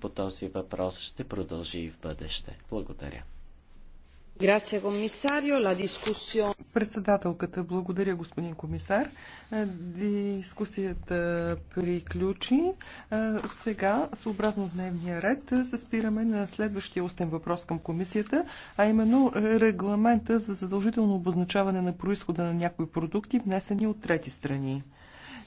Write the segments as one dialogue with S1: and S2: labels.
S1: по този въпрос ще продължи и в бъдеще. Благодаря.
S2: Председателката, благодаря господин комисар. Е, дискусията приключи. Е, сега, съобразно дневния ред, е, се спираме на следващия устен въпрос към комисията, а именно регламента за задължително обозначаване на происхода на някои продукти, внесени от трети страни.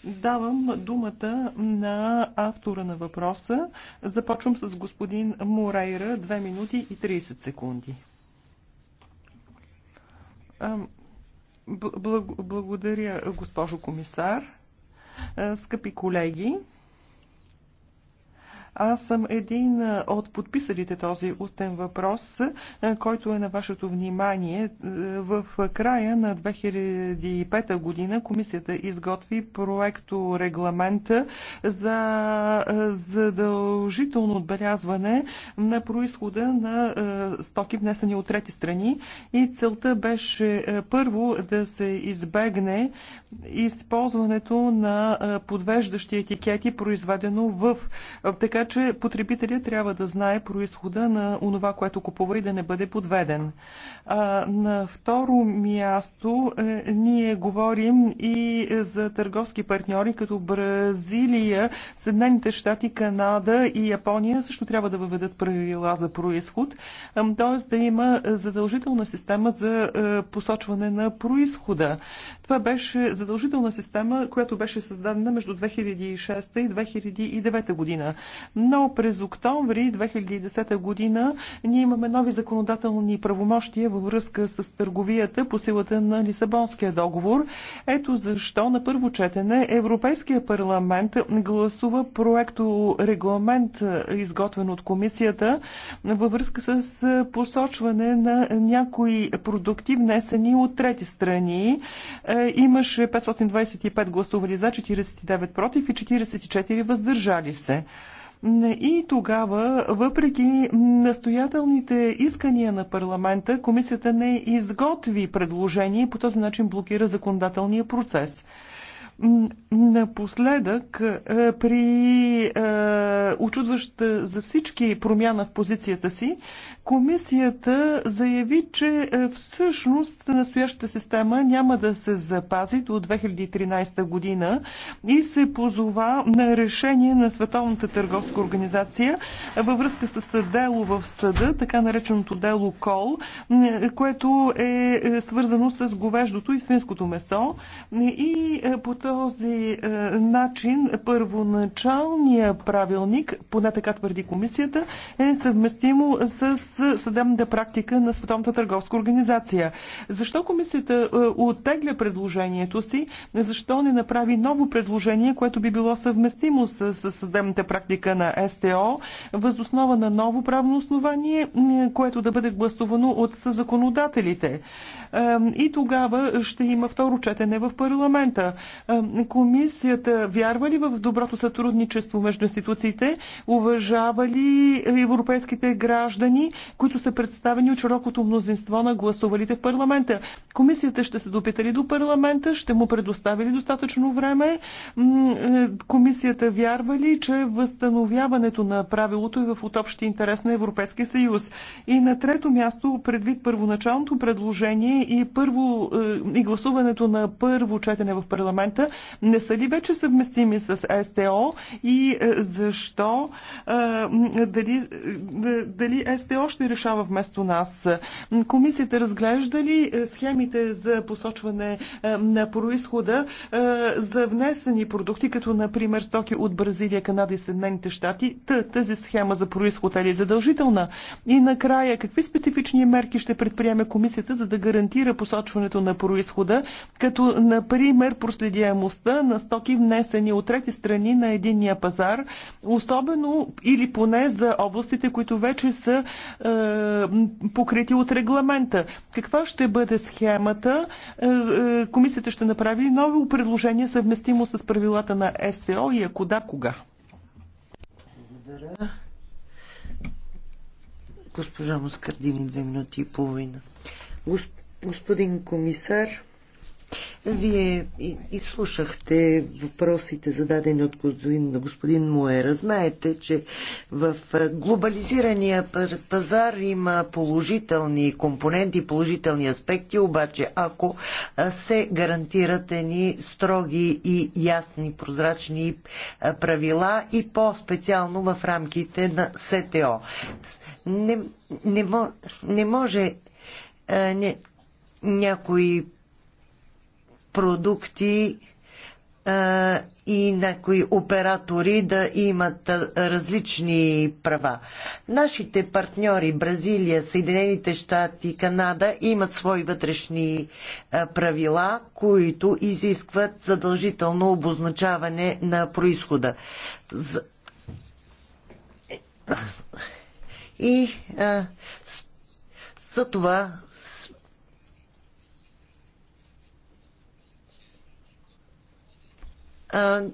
S2: Давам думата на автора на въпроса. Започвам с господин Морейра, 2 минути и 30 секунди. Благодаря, госпожо комисар. Скъпи колеги, аз съм един от подписалите този устен въпрос, който е на вашето внимание. Е, в края на 2005 година комисията изготви проекто регламента за задължително отбелязване на происхода на стоки внесени от трети страни и целта беше първо да се избегне използването на подвеждащи етикети, произведено в така че потребителят трябва да знае происхода на онова, което купува и да не бъде подведен. А, на второ място е, ние говорим и за търговски партньори като Бразилия, Съединените щати, Канада и Япония също трябва да въведат правила за происход, т.е. да има задължителна система за е, посочване на происхода. Това беше задължителна система, която беше създадена между 2006 и 2009 година но през октомври 2010 година ние имаме нови законодателни правомощия във връзка с търговията по силата на Лисабонския договор. Ето защо на първо четене Европейския парламент гласува проекто регламент, изготвен от комисията, във връзка с посочване на някои продукти, внесени от трети страни. Е, имаше 525 гласували за, 49 против и 44 въздържали се. И тогава, въпреки настоятелните искания на парламента, комисията не изготви предложение и по този начин блокира законодателния процес. Напоследък, е, при е, очудваща за всички промяна в позицията си, комисията заяви, че е, всъщност настоящата система няма да се запази до 2013 година и се позова на решение на Световната търговска организация във връзка с дело в съда, така нареченото дело КОЛ, е, което е, е свързано с говеждото и свинското месо. И е, по този е, начин първоначалния правилник, поне така твърди комисията, е съвместимо с съдебната практика на Световната търговска организация. Защо комисията е, оттегля предложението си? Защо не направи ново предложение, което би било съвместимо с, с съдебната практика на СТО, възоснова на ново правно основание, е, което да бъде гласувано от законодателите? и тогава ще има второ четене в парламента. Комисията вярва ли в доброто сътрудничество между институциите? Уважава ли европейските граждани, които са представени от широкото мнозинство на гласувалите в парламента? Комисията ще се допита ли до парламента? Ще му предостави ли достатъчно време? Е, комисията вярва ли, че възстановяването на правилото е в отобщи интерес на Европейския съюз? И на трето място, предвид първоначалното предложение и, първо, е, и гласуването на първо четене в парламента не са ли вече съвместими с СТО и е, защо е, дали, дали СТО ще решава вместо нас? Комисията разглежда ли схемите за посочване на происхода за внесени продукти, като например стоки от Бразилия, Канада и Съединените щати? Тази схема за происход е ли задължителна? И накрая, какви специфични мерки ще предприеме комисията, за да гарантира коментира посочването на происхода, като например проследяемостта на стоки внесени от трети страни на единния пазар, особено или поне за областите, които вече са е, покрити от регламента. Каква ще бъде схемата? Е, е, комисията ще направи ново предложение съвместимо с правилата на СТО и ако да, кога? Благодаря. Госпожа Москардини, две минути и половина.
S3: Госп... Господин комисар, вие изслушахте въпросите зададени от господин, господин Моера. Знаете, че в глобализирания пазар има положителни компоненти, положителни аспекти, обаче ако се гарантират ни строги и ясни, прозрачни правила и по-специално в рамките на СТО. Не, не, не може не, някои продукти а, и някои оператори да имат различни права. Нашите партньори Бразилия, Съединените щати, Канада имат свои вътрешни правила, които изискват задължително обозначаване на происхода. И а, за това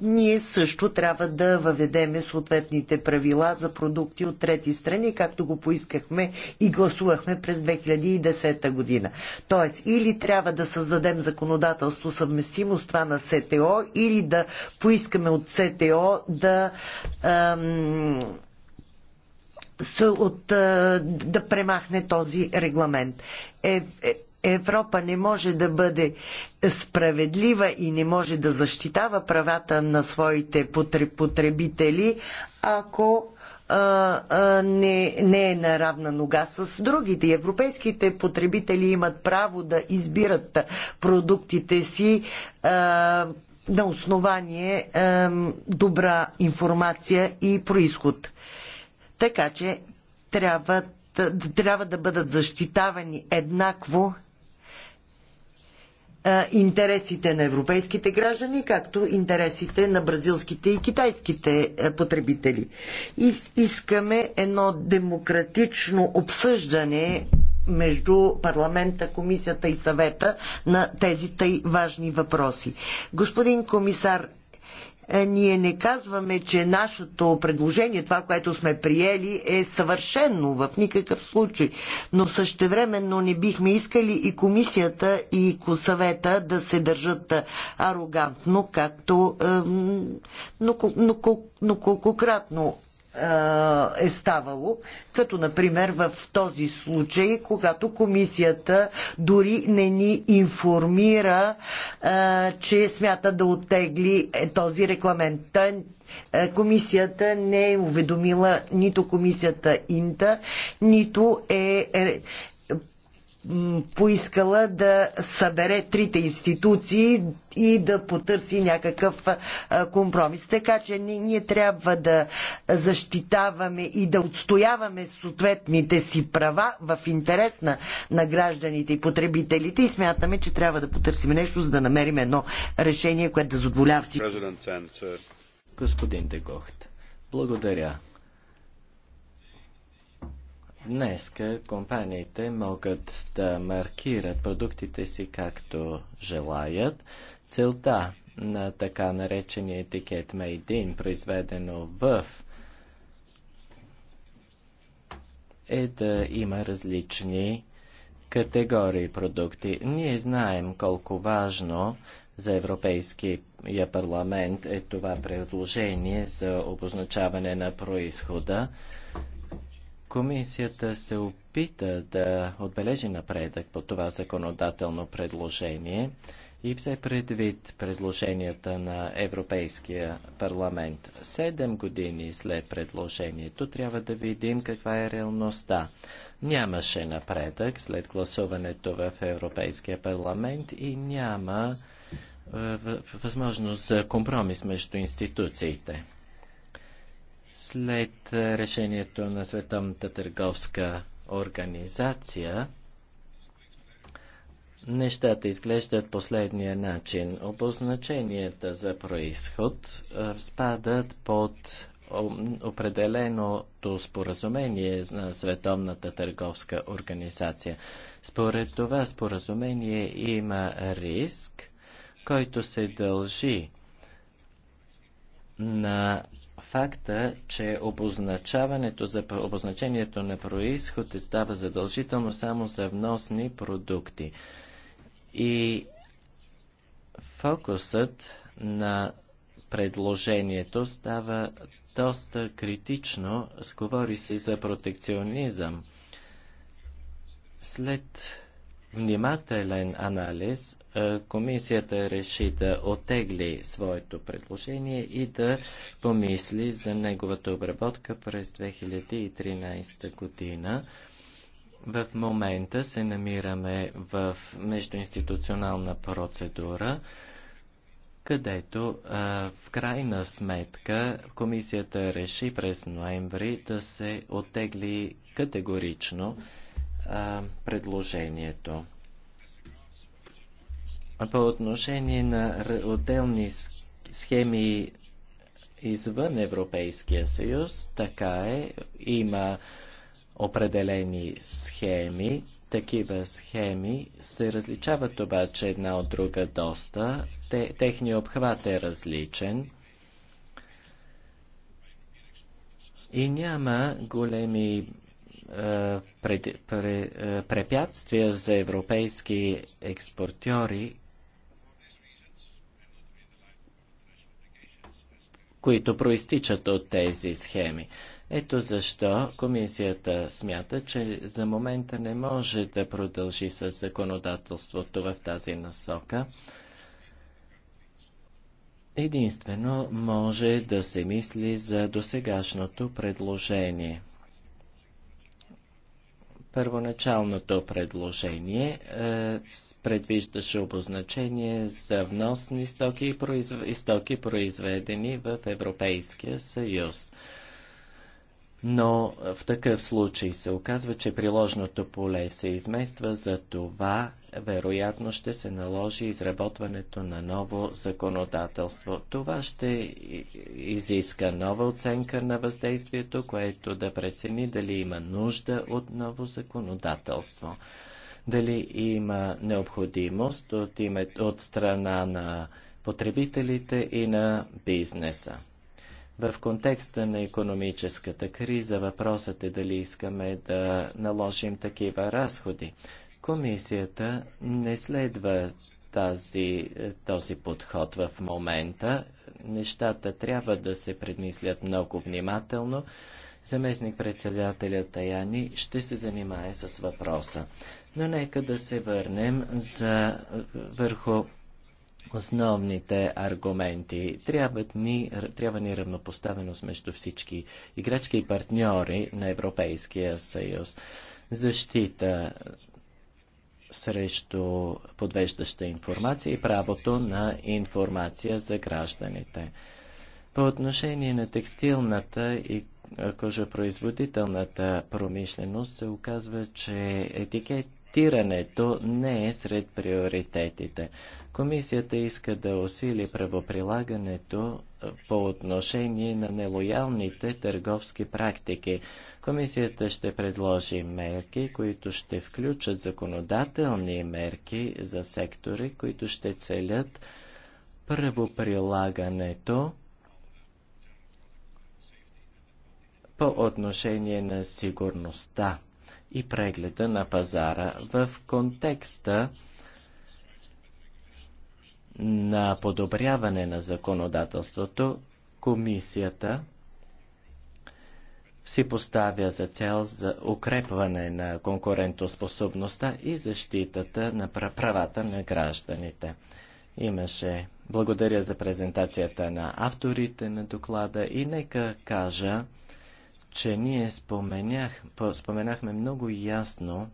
S3: ние също трябва да въведеме съответните правила за продукти от трети страни, както го поискахме и гласувахме през 2010 година. Тоест, или трябва да създадем законодателство съвместимо с това на СТО, или да поискаме от СТО да. Ам, от, да премахне този регламент. Е, е, Европа не може да бъде справедлива и не може да защитава правата на своите потребители, ако не, не е на равна нога с другите. Европейските потребители имат право да избират продуктите си а, на основание добра информация и происход. Така че трябва, трябва да бъдат защитавани еднакво интересите на европейските граждани, както интересите на бразилските и китайските потребители. искаме едно демократично обсъждане между парламента, комисията и съвета на тези тъй важни въпроси. Господин комисар е, ние не казваме, че нашето предложение, това, което сме приели, е съвършено в никакъв случай. Но същевременно не бихме искали и комисията, и съвета да се държат е, арогантно, както но, но, но, но колкократно е, е ставало, като например в този случай, когато комисията дори не ни информира, е, че смята да оттегли е, този регламент. Комисията не е уведомила нито комисията Инта, нито е поискала да събере трите институции и да потърси някакъв компромис. Така че ние трябва да защитаваме и да отстояваме съответните си права в интерес на, на гражданите и потребителите и смятаме, че трябва да потърсим нещо, за да намерим едно решение, което да задоволява всички.
S1: Господин Дегохт,
S3: благодаря.
S1: Днес компаниите могат да маркират продуктите си както желаят. Целта на така наречения етикет Made in, произведено в е да има различни категории продукти. Ние знаем колко важно за Европейския парламент е това предложение за обозначаване на происхода. Комисията се опита да отбележи напредък по това законодателно предложение и взе предвид предложенията на Европейския парламент. Седем години след предложението трябва да видим каква е реалността. Нямаше напредък след гласуването в Европейския парламент и няма е, възможност за компромис между институциите. След решението на Световната търговска организация, нещата изглеждат последния начин. Обозначенията за происход спадат под определеното споразумение на Световната търговска организация. Според това споразумение има риск, който се дължи на факта, че обозначаването за обозначението на происход става задължително само за вносни продукти. И фокусът на предложението става доста критично. Говори се за протекционизъм. След внимателен анализ е, комисията реши да отегли своето предложение и да помисли за неговата обработка през 2013 година. В момента се намираме в междуинституционална процедура, където е, в крайна сметка комисията реши през ноември да се отегли категорично а, предложението. По отношение на отделни схеми извън Европейския съюз, така е, има определени схеми. Такива схеми се различават обаче една от друга доста. Те, техният обхват е различен. И няма големи пред, пред, е, препятствия за европейски експортьори, които проистичат от тези схеми. Ето защо комисията смята, че за момента не може да продължи с законодателството в тази насока. Единствено може да се мисли за досегашното предложение – Първоначалното предложение е, предвиждаше обозначение за вносни стоки и, стоки, произведени в Европейския съюз но е, в такъв случай се оказва, че приложното поле се измества, за това вероятно ще се наложи изработването на ново законодателство. Това ще изиска нова оценка на въздействието, което да прецени дали има нужда от ново законодателство. Дали има необходимост от, име, от страна на потребителите и на бизнеса. В контекста на економическата криза въпросът е дали искаме да наложим такива разходи. Комисията не следва тази, е, този подход в момента. Нещата трябва да се предмислят много внимателно. Заместник председателя Таяни ще се занимае с въпроса. Но нека да се върнем за, е, върху основните аргументи. Трябва ни, трябва ни равнопоставеност между всички играчки и партньори на Европейския съюз. Защита срещу подвеждаща информация и правото на информация за гражданите. По отношение на текстилната и кожопроизводителната промишленост се оказва, че етикет Адаптирането не е сред приоритетите. Комисията иска да усили правоприлагането по отношение на нелоялните търговски практики. Комисията ще предложи мерки, които ще включат законодателни мерки за сектори, които ще целят правоприлагането по отношение на сигурността и прегледа на пазара в контекста на подобряване на законодателството, комисията си поставя за цел за укрепване на конкурентоспособността и защитата на правата на гражданите. Имаше. Благодаря за презентацията на авторите на доклада и нека кажа, че ние споменях, споменахме много ясно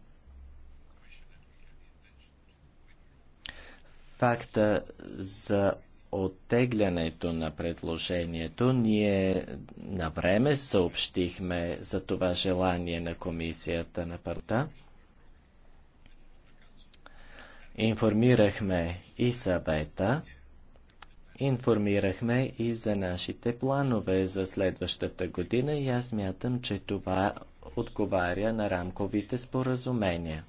S1: факта за оттеглянето на предложението, ние на време съобщихме за това желание на комисията на парта. Информирахме и съвета информирахме и за нашите планове за следващата година и аз мятам, че това отговаря на рамковите споразумения.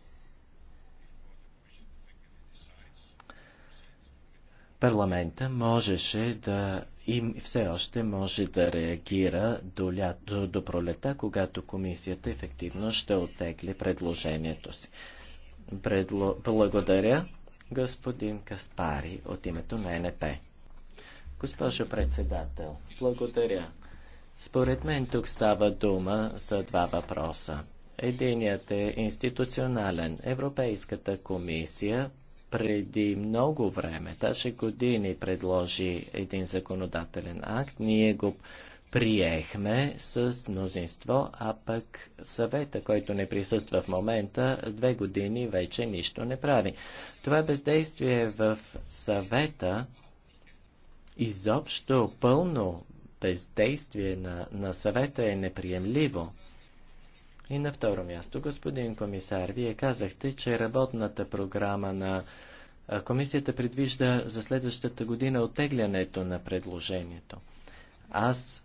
S1: Парламента можеше да и все още може да реагира до, ля, до, до пролета, когато комисията ефективно ще отегли предложението си. Предло, благодаря господин Каспари от името на НП. Госпожо председател, благодаря. Според мен тук става дума за два въпроса. Единият е институционален. Европейската комисия преди много време, даже години, предложи един законодателен акт. Ние го приехме с мнозинство, а пък съвета, който не присъства в момента, две години вече нищо не прави. Това бездействие в съвета Изобщо пълно бездействие на, на съвета е неприемливо. И на второ място, господин комисар, вие казахте, че работната програма на комисията предвижда за следващата година оттеглянето на предложението. Аз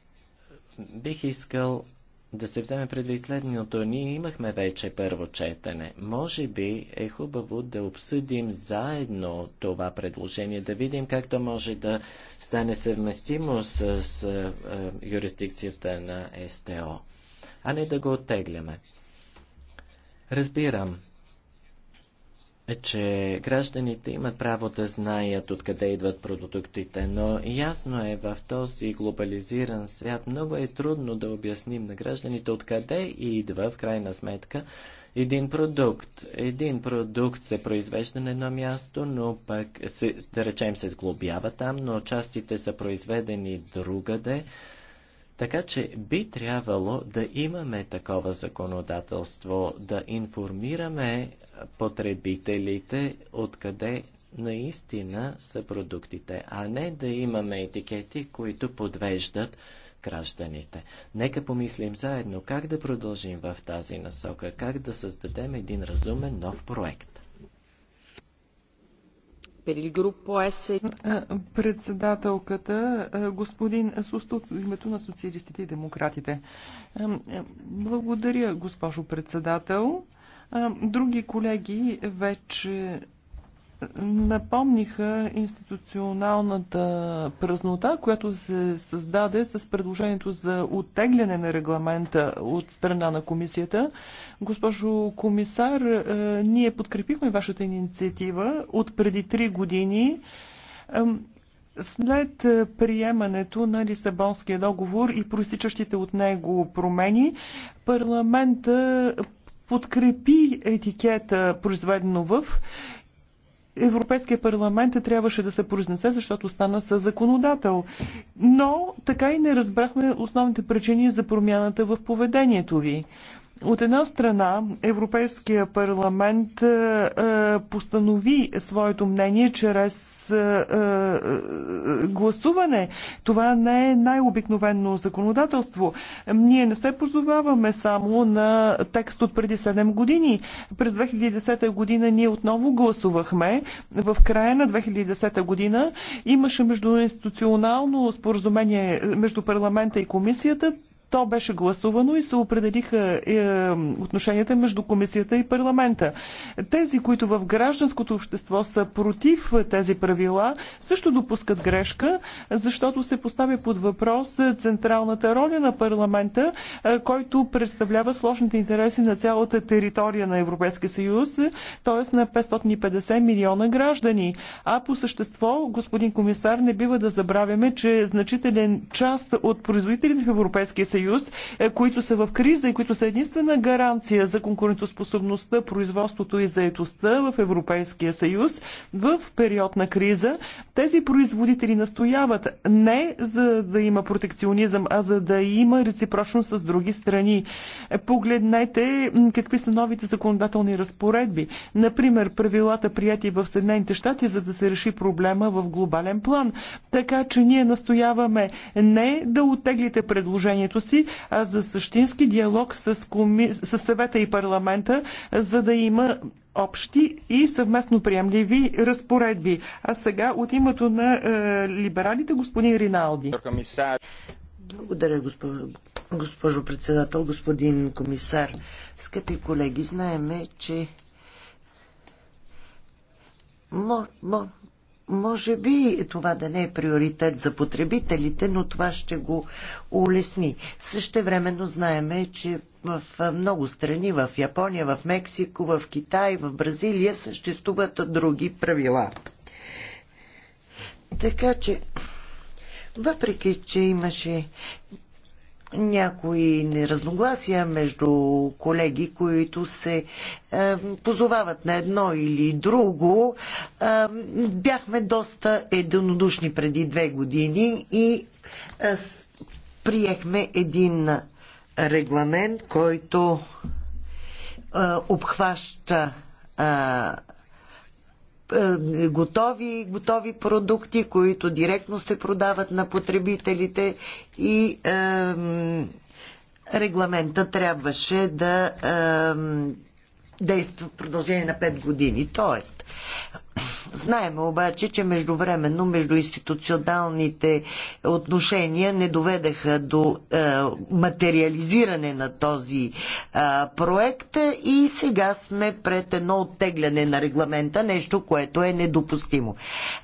S1: бих искал да се вземе предвид следното. Ние имахме вече първо четене. Може би е хубаво да обсъдим заедно това предложение, да видим как то може да стане съвместимо с, с е, юрисдикцията на СТО, а не да го оттегляме. Разбирам е, че гражданите имат право да знаят откъде идват продуктите, но ясно е в този глобализиран свят много е трудно да обясним на гражданите откъде идва в крайна сметка един продукт. Един продукт се произвежда на едно място, но пък, се, да речем, се сглобява там, но частите са произведени другаде. Така че би трябвало да имаме такова законодателство, да информираме потребителите откъде наистина са продуктите, а не да имаме етикети, които подвеждат гражданите. Нека помислим заедно как да продължим в тази насока, как да създадем един разумен нов проект.
S2: Председателката, господин Суст от името на социалистите и демократите. Благодаря, госпожо председател. Други колеги вече напомниха институционалната празнота, която се създаде с предложението за оттегляне на регламента от страна на комисията. Госпожо комисар, ние подкрепихме вашата инициатива от преди три години. След приемането на Лисабонския договор и проистичащите от него промени, парламента подкрепи етикета произведено в Европейския парламент трябваше да се произнесе, защото стана със законодател. Но така и не разбрахме основните причини за промяната в поведението ви. От една страна, Европейския парламент е, е, постанови своето мнение чрез е, гласуване. Това не е най-обикновено законодателство. Ние не се позоваваме само на текст от преди 7 години. През 2010 година ние отново гласувахме. В края на 2010 година имаше междуинституционално споразумение между парламента и комисията. То беше гласувано и се определиха е, отношенията между комисията и парламента. Тези, които в гражданското общество са против тези правила, също допускат грешка, защото се поставя под въпрос централната роля на парламента, е, който представлява сложните интереси на цялата територия на Европейския съюз, т.е. на 550 милиона граждани. А по същество, господин комисар, не бива да забравяме, че значителен част от производителите в Европейския съюз съюз, е, които са в криза и които са единствена гаранция за конкурентоспособността, производството и заетостта в Европейския съюз в период на криза. Тези производители настояват не за да има протекционизъм, а за да има реципрочност с други страни. Е, погледнете какви са новите законодателни разпоредби. Например, правилата прияти в Съединените щати, за да се реши проблема в глобален план. Така че ние настояваме не да оттеглите предложението си, а за същински диалог с, коми... с съвета и парламента, за да има общи и съвместно приемливи разпоредби. А сега от името на е, либералите господин Риналди.
S3: Благодаря, госпожо, госпожо председател, господин комисар. Скъпи колеги, знаеме, че мо, мо, може би това да не е приоритет за потребителите, но това ще го улесни. Същевременно знаеме, че в много страни, в Япония, в Мексико, в Китай, в Бразилия съществуват други правила. Така че, въпреки, че имаше някои неразногласия между колеги, които се е, позовават на едно или друго. Е, бяхме доста единодушни преди две години и е, приехме един регламент, който е, обхваща е, е, готови, готови продукти, които директно се продават на потребителите и е, регламента трябваше да е, действа в продължение на 5 години. Тоест, Знаем обаче, че междувременно междуинституционалните отношения не доведаха до е, материализиране на този е, проект и сега сме пред едно оттегляне на регламента, нещо, което е недопустимо.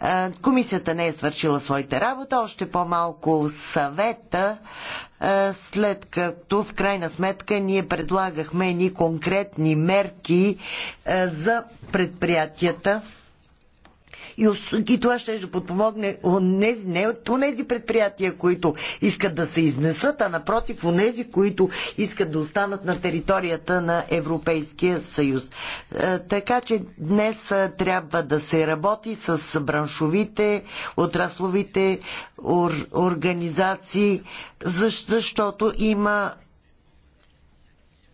S3: Е, комисията не е свършила своите работа, още по-малко съвета е, след като в крайна сметка ние предлагахме ни конкретни мерки е, за предприятията и, и това ще ще подпомогне онези, не от онези предприятия, които искат да се изнесат, а напротив онези, които искат да останат на територията на Европейския съюз. Е, така че днес е, трябва да се работи с браншовите, отрасловите организации, защото има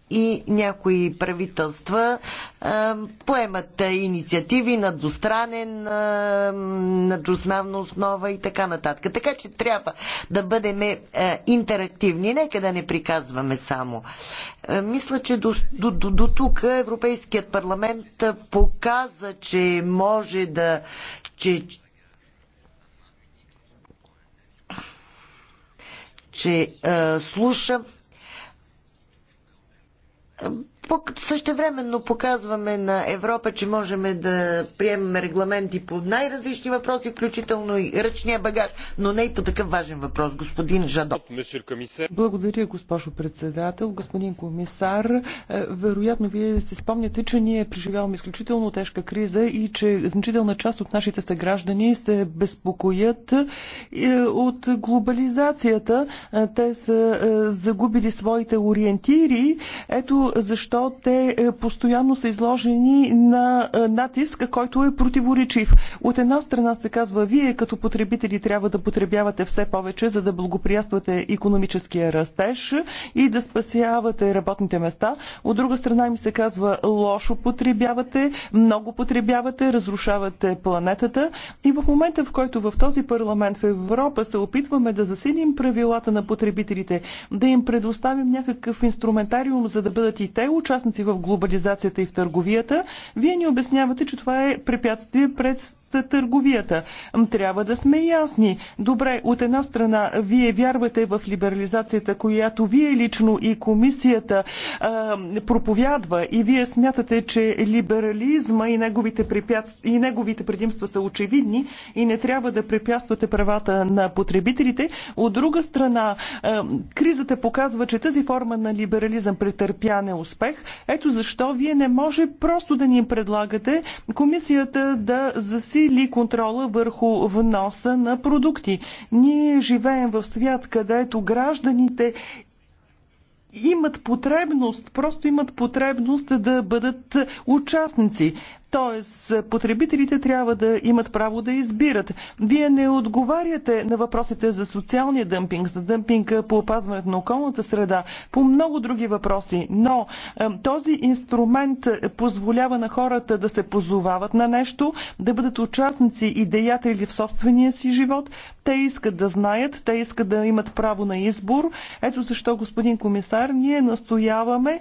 S3: и някои правителства а, поемат инициативи на достранен, а, на дознавна основа и така нататък. Така че трябва да бъдем а, интерактивни. Нека да не приказваме само. А, мисля, че до, до, до, до тук Европейският парламент показа, че може да. Че, че а, слуша Същевременно показваме на Европа, че можем да приемем регламенти по най-различни въпроси, включително и ръчния багаж, но не и по такъв важен въпрос,
S2: господин Жадо. Благодаря, госпожо председател, господин комисар. Е, вероятно, вие се спомняте, че ние преживяваме изключително тежка криза и че значителна част от нашите съграждани се безпокоят е, от глобализацията. Е, те са загубили своите ориентири. Ето защо те е, постоянно са изложени на е, натиска, който е противоречив. От една страна се казва, вие като потребители трябва да потребявате все повече, за да благоприятствате економическия растеж и да спасявате работните места. От друга страна им се казва, лошо потребявате, много потребявате, разрушавате планетата. И в момента, в който в този парламент в Европа се опитваме да засилим правилата на потребителите, да им предоставим някакъв инструментариум, за да бъдат и те участници в глобализацията и в търговията, вие ни обяснявате, че това е препятствие пред търговията. Трябва да сме ясни. Добре, от една страна, вие вярвате в либерализацията, която вие лично и комисията а, проповядва и вие смятате, че либерализма и неговите, препятств... и неговите предимства са очевидни и не трябва да препятствате правата на потребителите. От друга страна, а, кризата показва, че тази форма на либерализъм претърпя неуспех. Ето защо вие не може просто да ни предлагате комисията да засили засили контрола върху вноса на продукти. Ние живеем в свят, където гражданите имат потребност, просто имат потребност да бъдат участници. Тоест, потребителите трябва да имат право да избират. Вие не отговаряте на въпросите за социалния дъмпинг, за дъмпинга по опазването на околната среда, по много други въпроси, но този инструмент позволява на хората да се позовават на нещо, да бъдат участници и деятели в собствения си живот. Те искат да знаят, те искат да имат право на избор. Ето защо, господин комисар, ние настояваме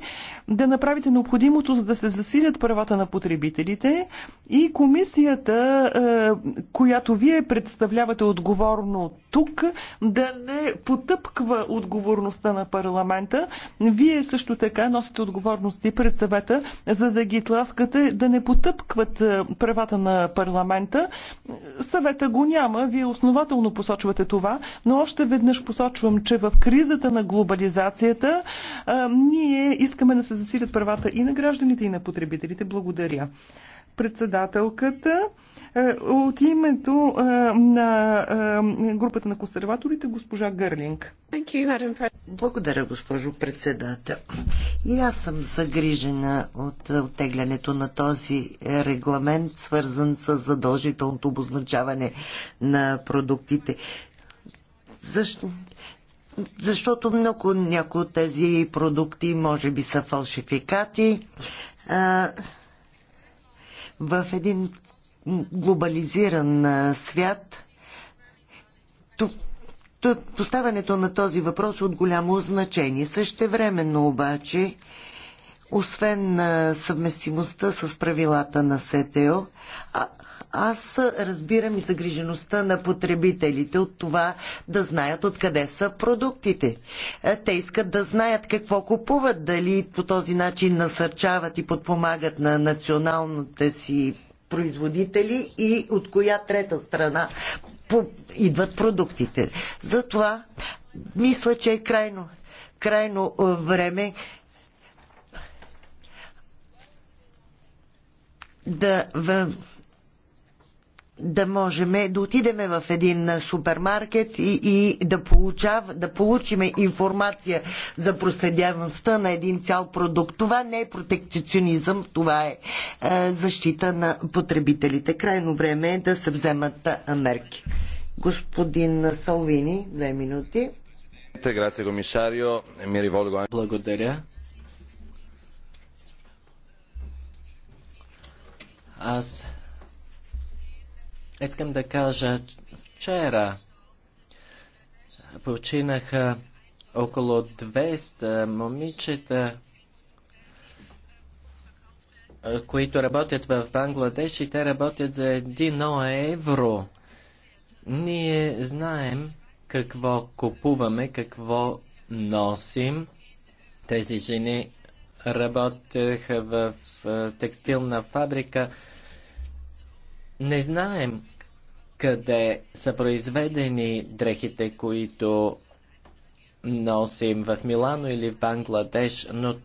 S2: да направите необходимото, за да се засилят правата на потребителите партиите и комисията, е, която вие представлявате отговорно тук, да не потъпква отговорността на парламента. Вие също така носите отговорности пред съвета, за да ги тласкате да не потъпкват е, правата на парламента. Съвета го няма, вие основателно посочвате това, но още веднъж посочвам, че в кризата на глобализацията е, ние искаме да се засилят правата и на гражданите, и на потребителите. Благодаря председателката. Е, от името е, на е, групата на консерваторите госпожа Гърлинг. Благодаря, госпожо председател.
S3: И аз съм загрижена от оттеглянето на този регламент, свързан с задължителното обозначаване на продуктите. Защо? Защото много някои от тези продукти може би са фалшификати. В един глобализиран свят поставянето на този въпрос е от голямо значение. Същевременно обаче, освен съвместимостта с правилата на СТО, аз разбирам и загрижеността на потребителите от това да знаят откъде са продуктите. Е, те искат да знаят какво купуват, дали по този начин насърчават и подпомагат на националните си производители и от коя трета страна идват продуктите. Затова мисля, че е крайно, крайно е, време да да можем да отидем в един супермаркет и, и да, получав, да информация за проследяемостта на един цял продукт. Това не е протекционизъм, това е, е защита на потребителите. Крайно време е да се вземат мерки. Господин Салвини, две минути.
S1: Благодаря. Аз Искам да кажа, вчера починаха около 200 момичета, които работят в Бангладеш и те работят за 1 евро. Ние знаем какво купуваме, какво носим. Тези жени работеха в текстилна фабрика. Не знаем къде са произведени дрехите, които носим в Милано или в Бангладеш, но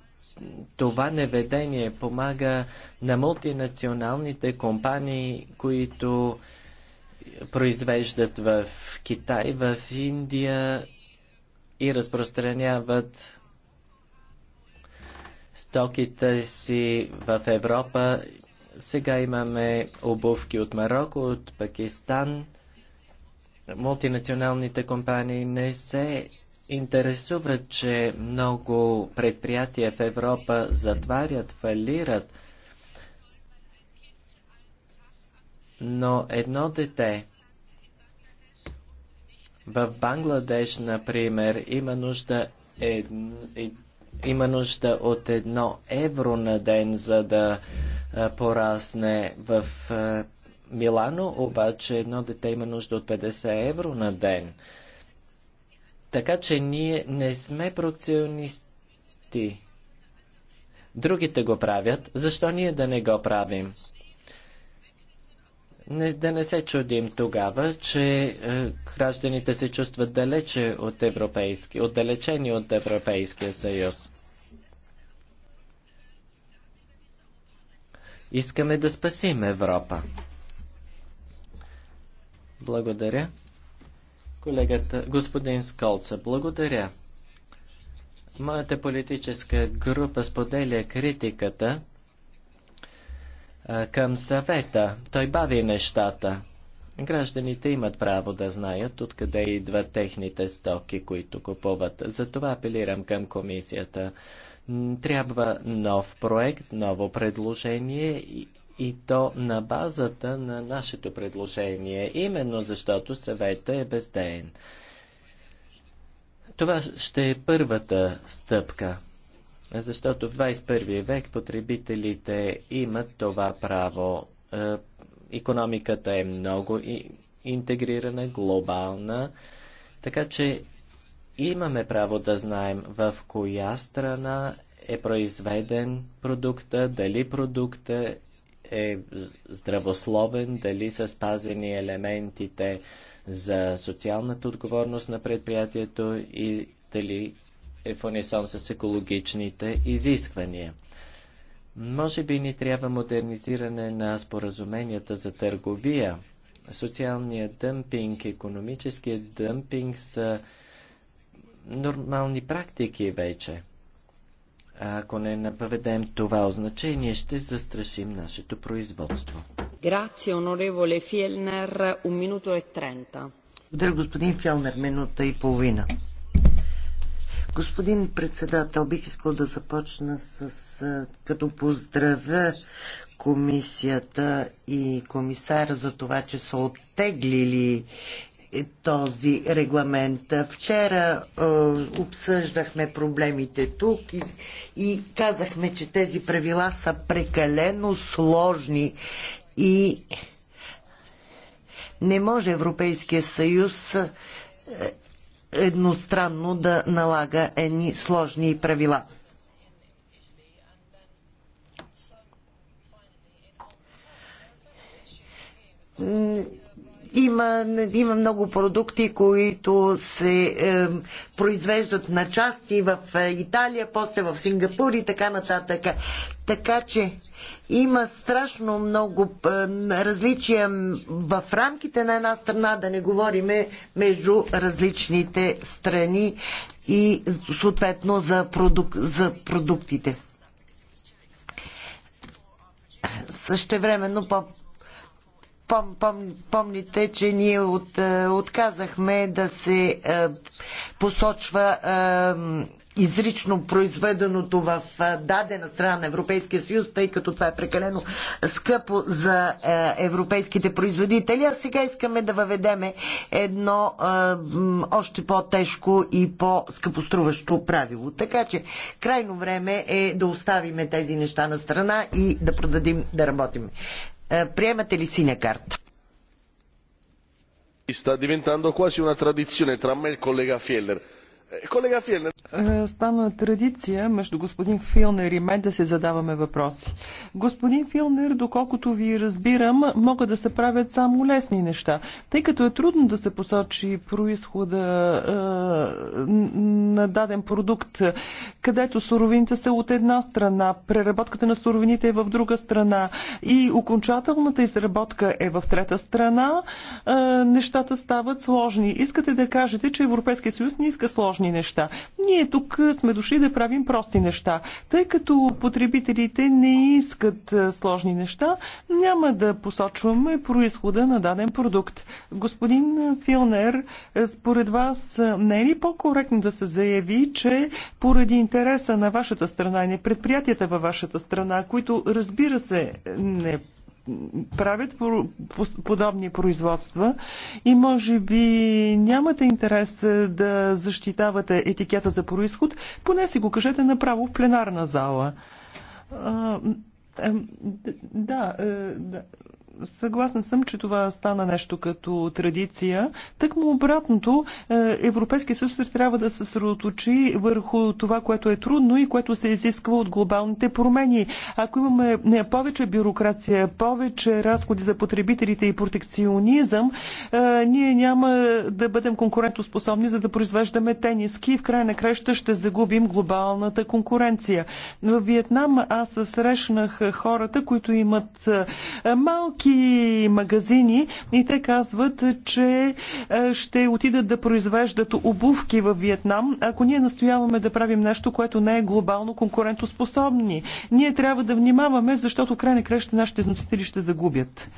S1: това неведение помага на мултинационалните компании, които произвеждат в Китай, в Индия и разпространяват стоките си в Европа сега имаме обувки от Марокко, от Пакистан. Мултинационалните компании не се интересуват, че много предприятия в Европа затварят, фалират. Но едно дете в Бангладеш, например, има нужда има нужда от едно евро на ден, за да порасне в Милано, обаче едно дете има нужда от 50 евро на ден. Така че ние не сме прокционисти. Другите го правят, защо ние да не го правим? не, да не се чудим тогава, че е, гражданите се чувстват далече от европейски, отдалечени от Европейския съюз. Искаме да спасим Европа. Благодаря. Колегата, господин Сколца, благодаря. Моята политическа група споделя критиката, към съвета. Той бави нещата. Гражданите имат право да знаят откъде идват техните стоки, които купуват. Затова апелирам към комисията. Трябва нов проект, ново предложение и, и то на базата на нашето предложение, именно защото съвета е бездеен. Това ще е първата стъпка. Защото в 21 век потребителите имат това право. Економиката е много интегрирана, глобална, така че имаме право да знаем в коя страна е произведен продукта, дали продукта е здравословен, дали са спазени елементите за социалната отговорност на предприятието и дали е в унисон с екологичните изисквания. Може би ни трябва модернизиране на споразуменията за търговия. Социалният дъмпинг, економическият дъмпинг са нормални практики вече. А ако не наведем това означение, ще застрашим нашето производство.
S3: Грация, онореволе Фиелнер, un minuto e 30. Благодаря, господин Фелнер, минута и половина. Господин председател, бих искал да започна с като поздравя комисията и комисара за това, че са оттеглили този регламент. Вчера е, обсъждахме проблемите тук и, и казахме, че тези правила са прекалено сложни и не може Европейския съюз едностранно да налага едни сложни правила. Има, има много продукти, които се е, произвеждат на части в е, Италия, после в Сингапур и така нататък. Така че има страшно много различия в рамките на една страна, да не говориме между различните страни и съответно за, продук, за продуктите. Същевременно по пом, пом, помните, че ние от, отказахме да се е, посочва е, изрично произведеното в дадена страна на Европейския съюз, тъй като това е прекалено скъпо за европейските производители. А сега искаме да въведеме едно още по-тежко и по-скъпоструващо правило. Така че крайно време е да оставиме тези неща на страна и да продадим да работим. Приемате ли синя
S2: карта? Sta diventando quasi una tradizione tra me e il collega Fieller. Колега Филнер. Е, стана традиция между господин Филнер и мен да се задаваме въпроси. Господин Филнер, доколкото ви разбирам, могат да се правят само лесни неща, тъй като е трудно да се посочи происхода е, на даден продукт, където суровините са от една страна, преработката на суровините е в друга страна и окончателната изработка е в трета страна, е, нещата стават сложни. Искате да кажете, че Европейския съюз не иска сложни сложни неща. Ние тук сме дошли да правим прости неща. Тъй като потребителите не искат сложни неща, няма да посочваме происхода на даден продукт. Господин Филнер, според вас не е ли по-коректно да се заяви, че поради интереса на вашата страна и на предприятията във вашата страна, които разбира се не правят подобни производства и може би нямате интерес е, да защитавате етикета за происход, поне си го кажете направо в пленарна зала. Да, е, да. Съгласна съм, че това стана нещо като традиция. Так му обратното, е, Европейския съюз трябва да се средоточи върху това, което е трудно и което се изисква от глобалните промени. Ако имаме не, повече бюрокрация, повече разходи за потребителите и протекционизъм, е, ние няма да бъдем конкурентоспособни, за да произвеждаме тениски и в края на краща ще загубим глобалната конкуренция. В Виетнам аз срещнах хората, които имат е, малки всички магазини и те казват, че е, ще отидат да произвеждат обувки в Виетнам, ако ние настояваме да правим нещо, което не е глобално конкурентоспособни. Ние трябва да внимаваме, защото край на краща нашите износители ще загубят.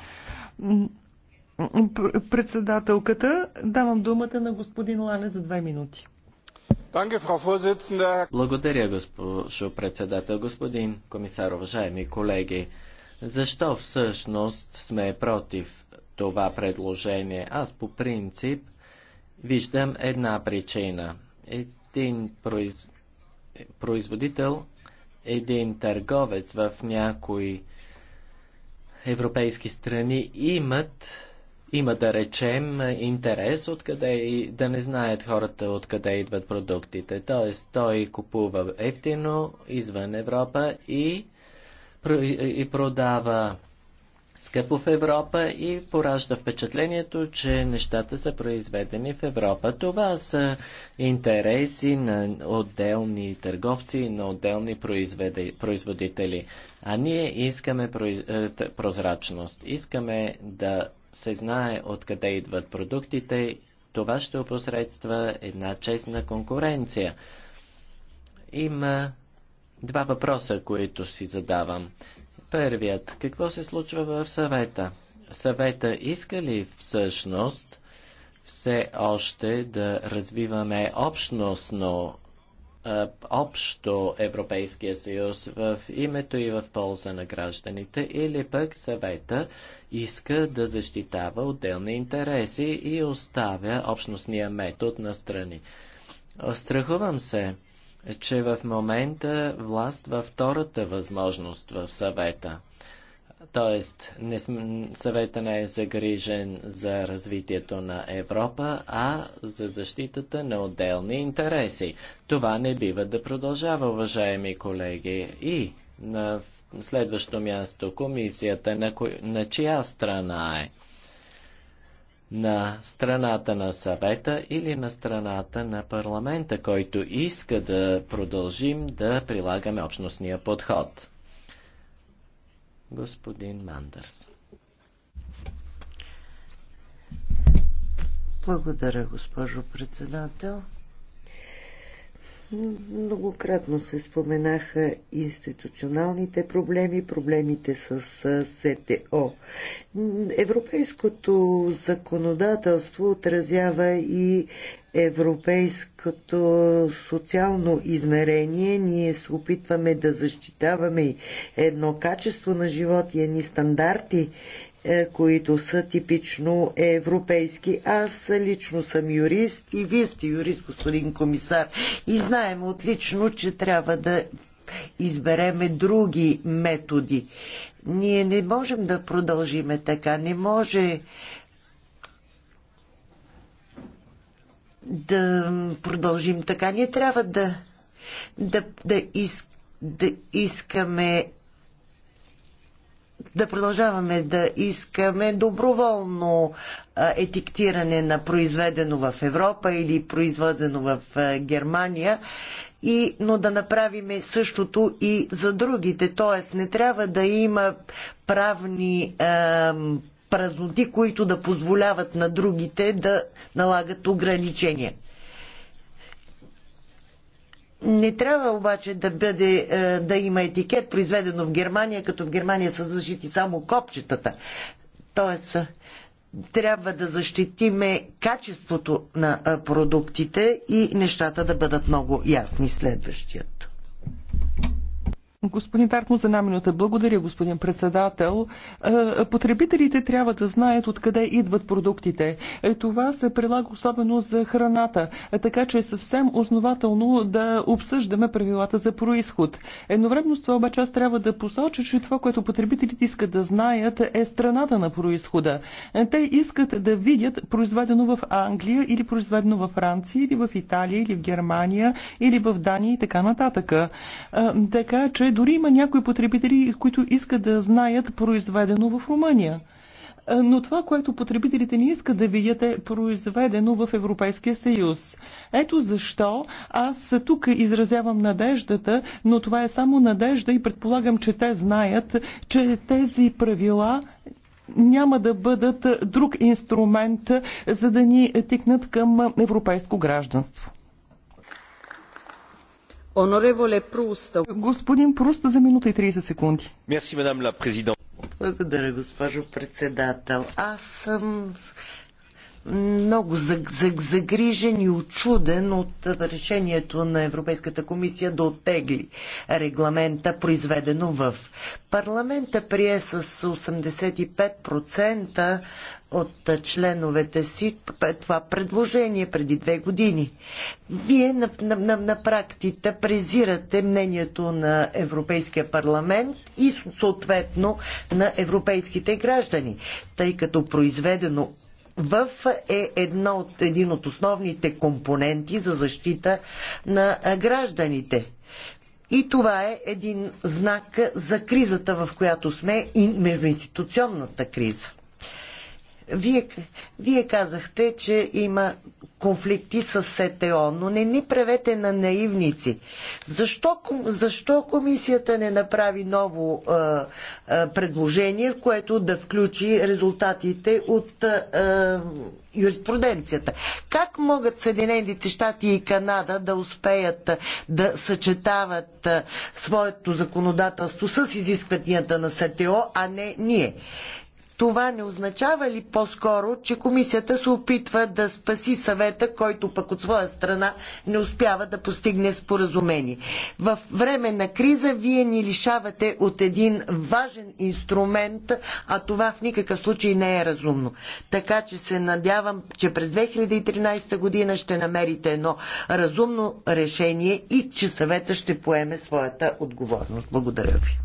S2: Председателката, давам думата на господин Лане за две минути.
S1: Благодаря, госпожо председател, господин комисар, уважаеми колеги. Защо всъщност сме против това предложение? Аз по принцип виждам една причина. Един произ... производител, един търговец в някои европейски страни имат има да речем интерес откъде и да не знаят хората откъде идват продуктите. Т.е. той купува ефтино извън Европа и и продава скъпо в Европа и поражда впечатлението, че нещата са произведени в Европа. Това са интереси на отделни търговци и на отделни производители. А ние искаме е, прозрачност. Искаме да се знае откъде идват продуктите. Това ще опосредства една честна конкуренция. Има два въпроса, които си задавам. Първият. Какво се случва в съвета? Съвета иска ли всъщност все още да развиваме общностно общо Европейския съюз в името и в полза на гражданите или пък съвета иска да защитава отделни интереси и оставя общностния метод на страни. Страхувам се, е, че в момента власт във втората възможност в съвета. Тоест, не, съвета не е загрижен за развитието на Европа, а за защитата на отделни интереси. Това не бива да продължава, уважаеми колеги. И на следващо място комисията, на, кои, на чия страна е? на страната на съвета или на страната на парламента, който иска да продължим да прилагаме общностния подход. Господин Мандърс.
S3: Благодаря, госпожо председател. Многократно се споменаха институционалните проблеми, проблемите с СТО. Европейското законодателство отразява и европейското социално измерение. Ние се опитваме да защитаваме едно качество на живот и едни стандарти е, които са типично европейски. Аз лично съм юрист и вие сте юрист, господин комисар. И знаем отлично, че трябва да избереме други методи. Ние не можем да продължиме така. Не може да продължим така. Ние трябва да, да, да, иск, да искаме да продължаваме да искаме доброволно етиктиране на произведено в Европа или произведено в Германия, и, но да направиме същото и за другите. Тоест не трябва да има правни празноти, които да позволяват на другите да налагат ограничения. Не трябва обаче да, бъде, е, да има етикет, произведено в Германия, като в Германия са защити само копчетата. Тоест, трябва да защитиме качеството на е, продуктите и нещата да бъдат много ясни. Следващият.
S2: Господин Тартмут, за една минута. Благодаря, господин председател. Е, потребителите трябва да знаят откъде идват продуктите. Е, това се прилага особено за храната, е, така че е съвсем основателно да обсъждаме правилата за происход. Едновременно с това обаче аз трябва да посоча, че това, което потребителите искат да знаят е страната на происхода. Те искат да видят произведено в Англия или произведено във Франция или в Италия или в Германия или в Дания и така нататък. Така че дори има някои потребители, които искат да знаят произведено в Румъния. Е, но това, което потребителите не искат да видят е произведено в Европейския съюз. Ето защо аз тук изразявам надеждата, но това е само надежда и предполагам, че те знаят, че тези правила няма да бъдат друг инструмент, за да ни тикнат към европейско гражданство. Господин Пруст за минута и 30 секунди.
S3: Благодаря, госпожо председател. Аз съм много загрижен и очуден от решението на Европейската комисия да оттегли регламента, произведено в парламента прие с 85% от членовете си това предложение преди две години. Вие на, на, на, на практика презирате мнението на Европейския парламент и съответно на европейските граждани, тъй като произведено в е едно от, един от основните компоненти за защита на гражданите. И това е един знак за кризата, в която сме и междуинституционната криза. Вие, вие казахте, че има конфликти с СТО, но не ни правете на наивници. Защо, защо комисията не направи ново а, а, предложение, в което да включи резултатите от а, юриспруденцията? Как могат Съединените щати и Канада да успеят да съчетават своето законодателство с изискванията на СТО, а не ние? това не означава ли по-скоро, че комисията се опитва да спаси съвета, който пък от своя страна не успява да постигне споразумение? В време на криза вие ни лишавате от един важен инструмент, а това в никакъв случай не е разумно. Така че се надявам, че през 2013 година ще намерите едно разумно решение и че съвета ще поеме своята отговорност. Благодаря ви.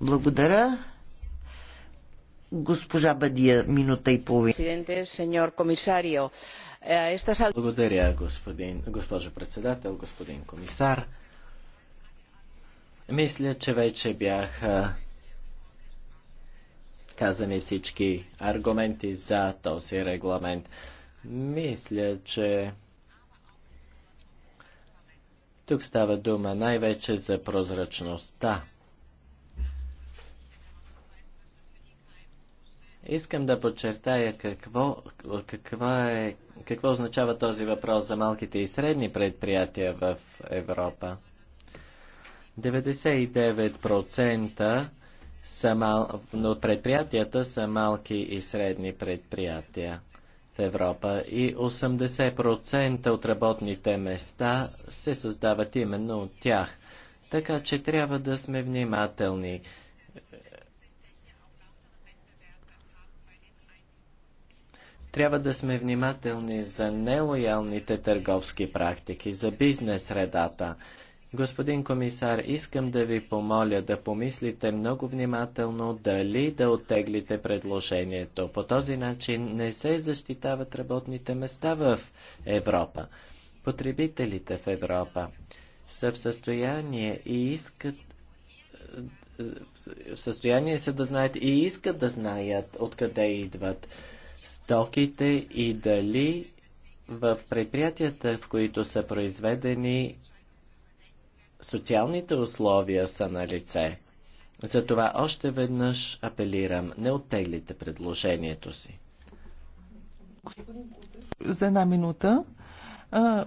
S3: Благодаря. Госпожа Бадия, минута и половина.
S1: Е, Благодаря, господин, госпожо председател, господин комисар. Мисля, че вече бяха казани всички аргументи за този регламент. Мисля, че тук става дума най-вече за прозрачността. Искам да подчертая какво, каква е, какво означава този въпрос за малките и средни предприятия в Европа. 99% са мал... от предприятията са малки и средни предприятия в Европа и 80% от работните места се създават именно от тях. Така че трябва да сме внимателни. Трябва да сме внимателни за нелоялните търговски практики, за бизнес средата. Господин комисар, искам да ви помоля да помислите много внимателно дали да оттеглите предложението. По този начин не се защитават работните места в Европа. Потребителите в Европа са в състояние и искат в състояние са да знаят и искат да знаят откъде идват стоките и дали в предприятията, в които са произведени, социалните условия са на лице. Затова още веднъж апелирам, не оттеглите предложението си.
S2: За една минута.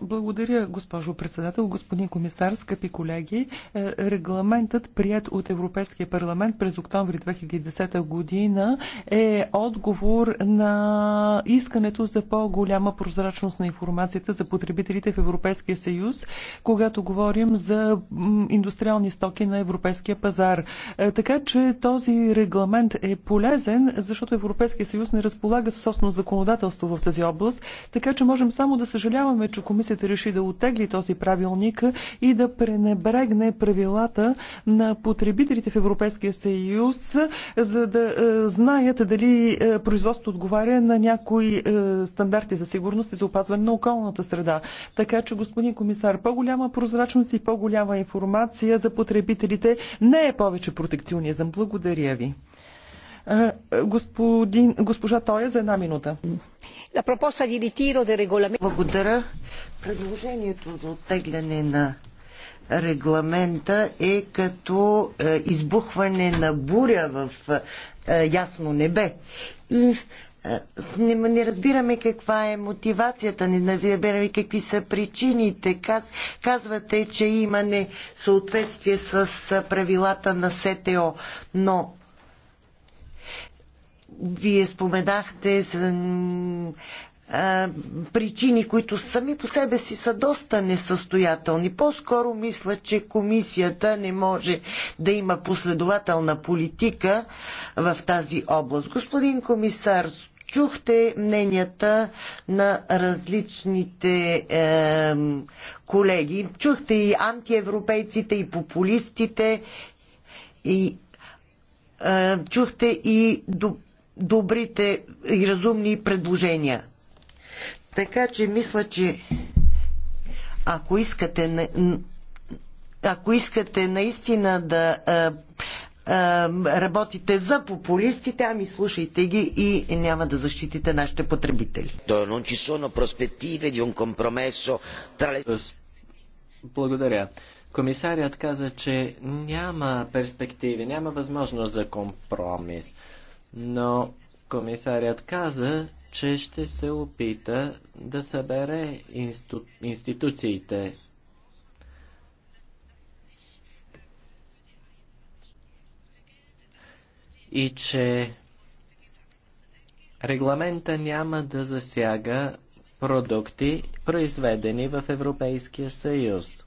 S2: Благодаря, госпожо председател, господин комисар, скъпи колеги. Е, регламентът, прият от Европейския парламент през октомври 2010 година, е отговор на искането за по-голяма прозрачност на информацията за потребителите в Европейския съюз, когато говорим за индустриални стоки на европейския пазар. Е, така че този регламент е полезен, защото Европейския съюз не разполага с собствено законодателство в тази област, така че можем само да съжаляваме, че комисията реши да отегли този правилник и да пренебрегне правилата на потребителите в Европейския съюз, за да е, знаят дали е, производството отговаря на някои е, стандарти за сигурност и за опазване на околната среда. Така че, господин комисар, по-голяма прозрачност и по-голяма информация за потребителите не е повече протекционизъм. Благодаря ви. Господин, госпожа Тоя за една минута. Благодаря. Предложението
S3: за оттегляне на регламента е като е, избухване на буря в е, ясно небе. И е, не, не разбираме каква е мотивацията, не разбираме какви са причините. Каз, казвате, че има несъответствие с правилата на СТО, но вие споменахте за причини, които сами по себе си са доста несъстоятелни. По-скоро мисля, че комисията не може да има последователна политика в тази област. Господин комисар, чухте мненията на различните е, колеги. Чухте и антиевропейците, и популистите, и е, чухте и до добрите и разумни предложения. Така че мисля, че ако искате, ако искате наистина да а, а, работите за популистите, ами слушайте ги и няма да защитите нашите потребители.
S1: Благодаря. Комисарият каза, че няма перспективи, няма възможност за компромис но комисарят каза, че ще се опита да събере инсту... институциите. И че регламента няма да засяга продукти, произведени в Европейския съюз.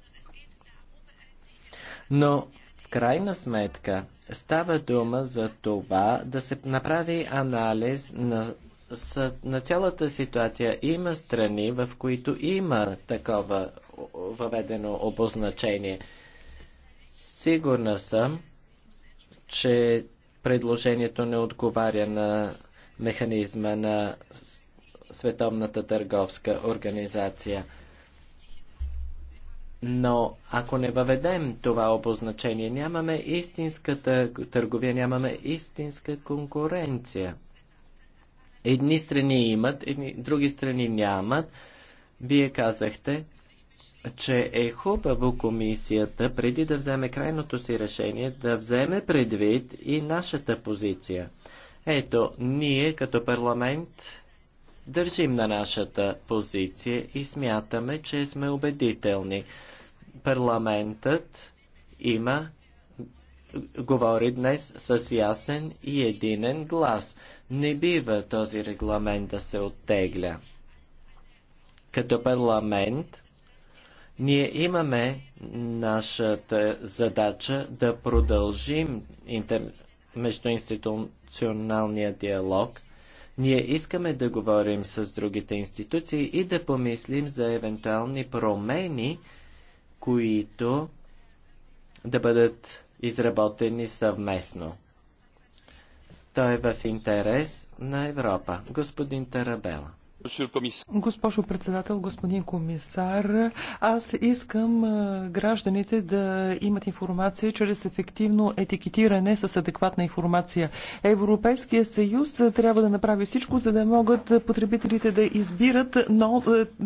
S1: Но в крайна сметка Става дума за това да се направи анализ на, на цялата ситуация. Има страни, в които има такова въведено обозначение. Сигурна съм, че предложението не отговаря на механизма на Световната търговска организация – но ако не въведем това обозначение, нямаме истинската търговия, нямаме истинска конкуренция. Едни страни имат, едни, други страни нямат. Вие казахте, че е хубаво комисията, преди да вземе крайното си решение, да вземе предвид и нашата позиция. Ето, ние като парламент Държим на нашата позиция и смятаме, че сме убедителни. Парламентът има говори днес с ясен и единен глас. Не бива този регламент да се оттегля. Като парламент, ние имаме нашата задача да продължим интер... междуинституционалния диалог – ние искаме да говорим с другите институции и да помислим за евентуални промени, които да бъдат изработени съвместно. Той е в интерес на Европа. Господин Тарабела.
S2: Госпожо председател, господин комисар, аз искам гражданите да имат информация чрез ефективно етикетиране с адекватна информация. Европейския съюз трябва да направи всичко, за да могат потребителите да избират, но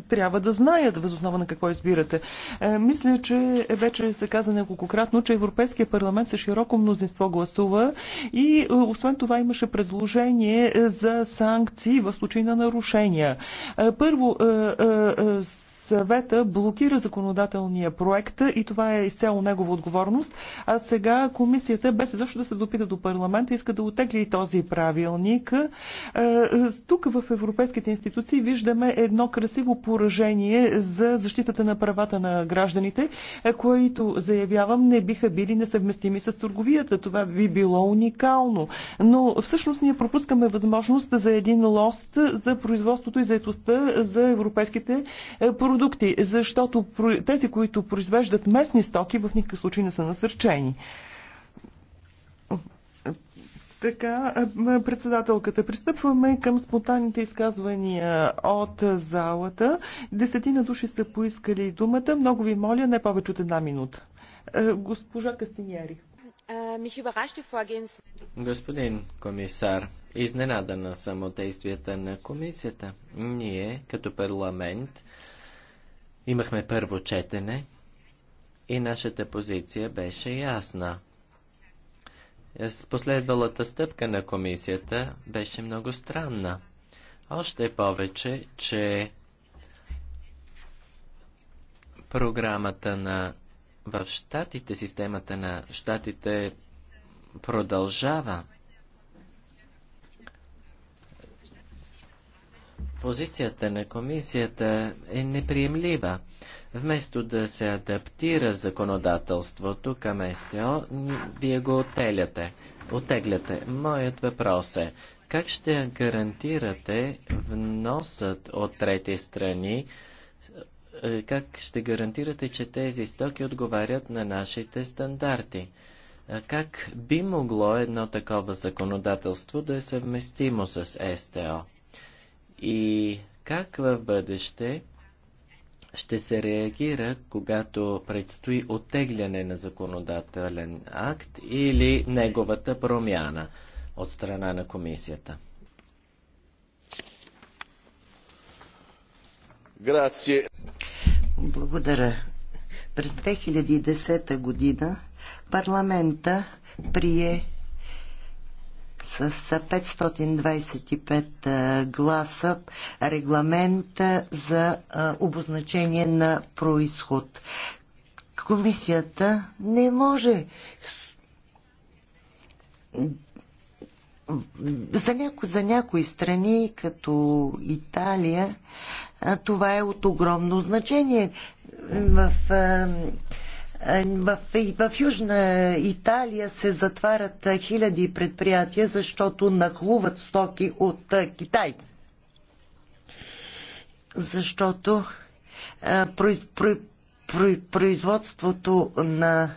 S2: трябва да знаят възоснова на какво избирате. Е, мисля, че вече се каза неколкократно, че Европейския парламент с широко мнозинство гласува и е, освен това имаше предложение за санкции в случай на нарушения е, първо, е, е, съвета блокира законодателния проект и това е изцяло негова отговорност. А сега комисията, без защо да се допита до парламента, иска да отегли този правилник. Е, тук в европейските институции виждаме едно красиво поражение за защитата на правата на гражданите, е, които, заявявам, не биха били несъвместими с търговията. Това би било уникално. Но всъщност ние пропускаме възможност за един лост за производството и заетостта за европейските е, продукти продукти, защото тези, които произвеждат местни стоки, в никакъв случай не са насърчени. Така, председателката, пристъпваме към спонтанните изказвания от залата. Десетина души са поискали думата. Много ви моля, не повече от една минута. Госпожа Кастиньяри.
S1: Господин комисар, изненадана съм от действията на комисията. Ние, като парламент, Имахме първо четене и нашата позиция беше ясна. С последвалата стъпка на комисията беше много странна. Още повече, че програмата на в щатите, системата на щатите продължава. Позицията на комисията е неприемлива. Вместо да се адаптира законодателството към СТО, вие го отеляте, Отегляте. Моят въпрос е, как ще гарантирате вносът от трети страни, е, как ще гарантирате, че тези стоки отговарят на нашите стандарти? Е, как би могло едно такова законодателство да е съвместимо с СТО? и как в бъдеще ще се реагира, когато предстои оттегляне на законодателен акт или неговата промяна от страна на комисията.
S2: Грация.
S3: Благодаря. През 2010 година парламента прие с 525 гласа регламент за обозначение на происход. Комисията не може за, няко, за някои страни, като Италия, това е от огромно значение. В в, в Южна Италия се затварят хиляди предприятия, защото нахлуват стоки от Китай. Защото производството на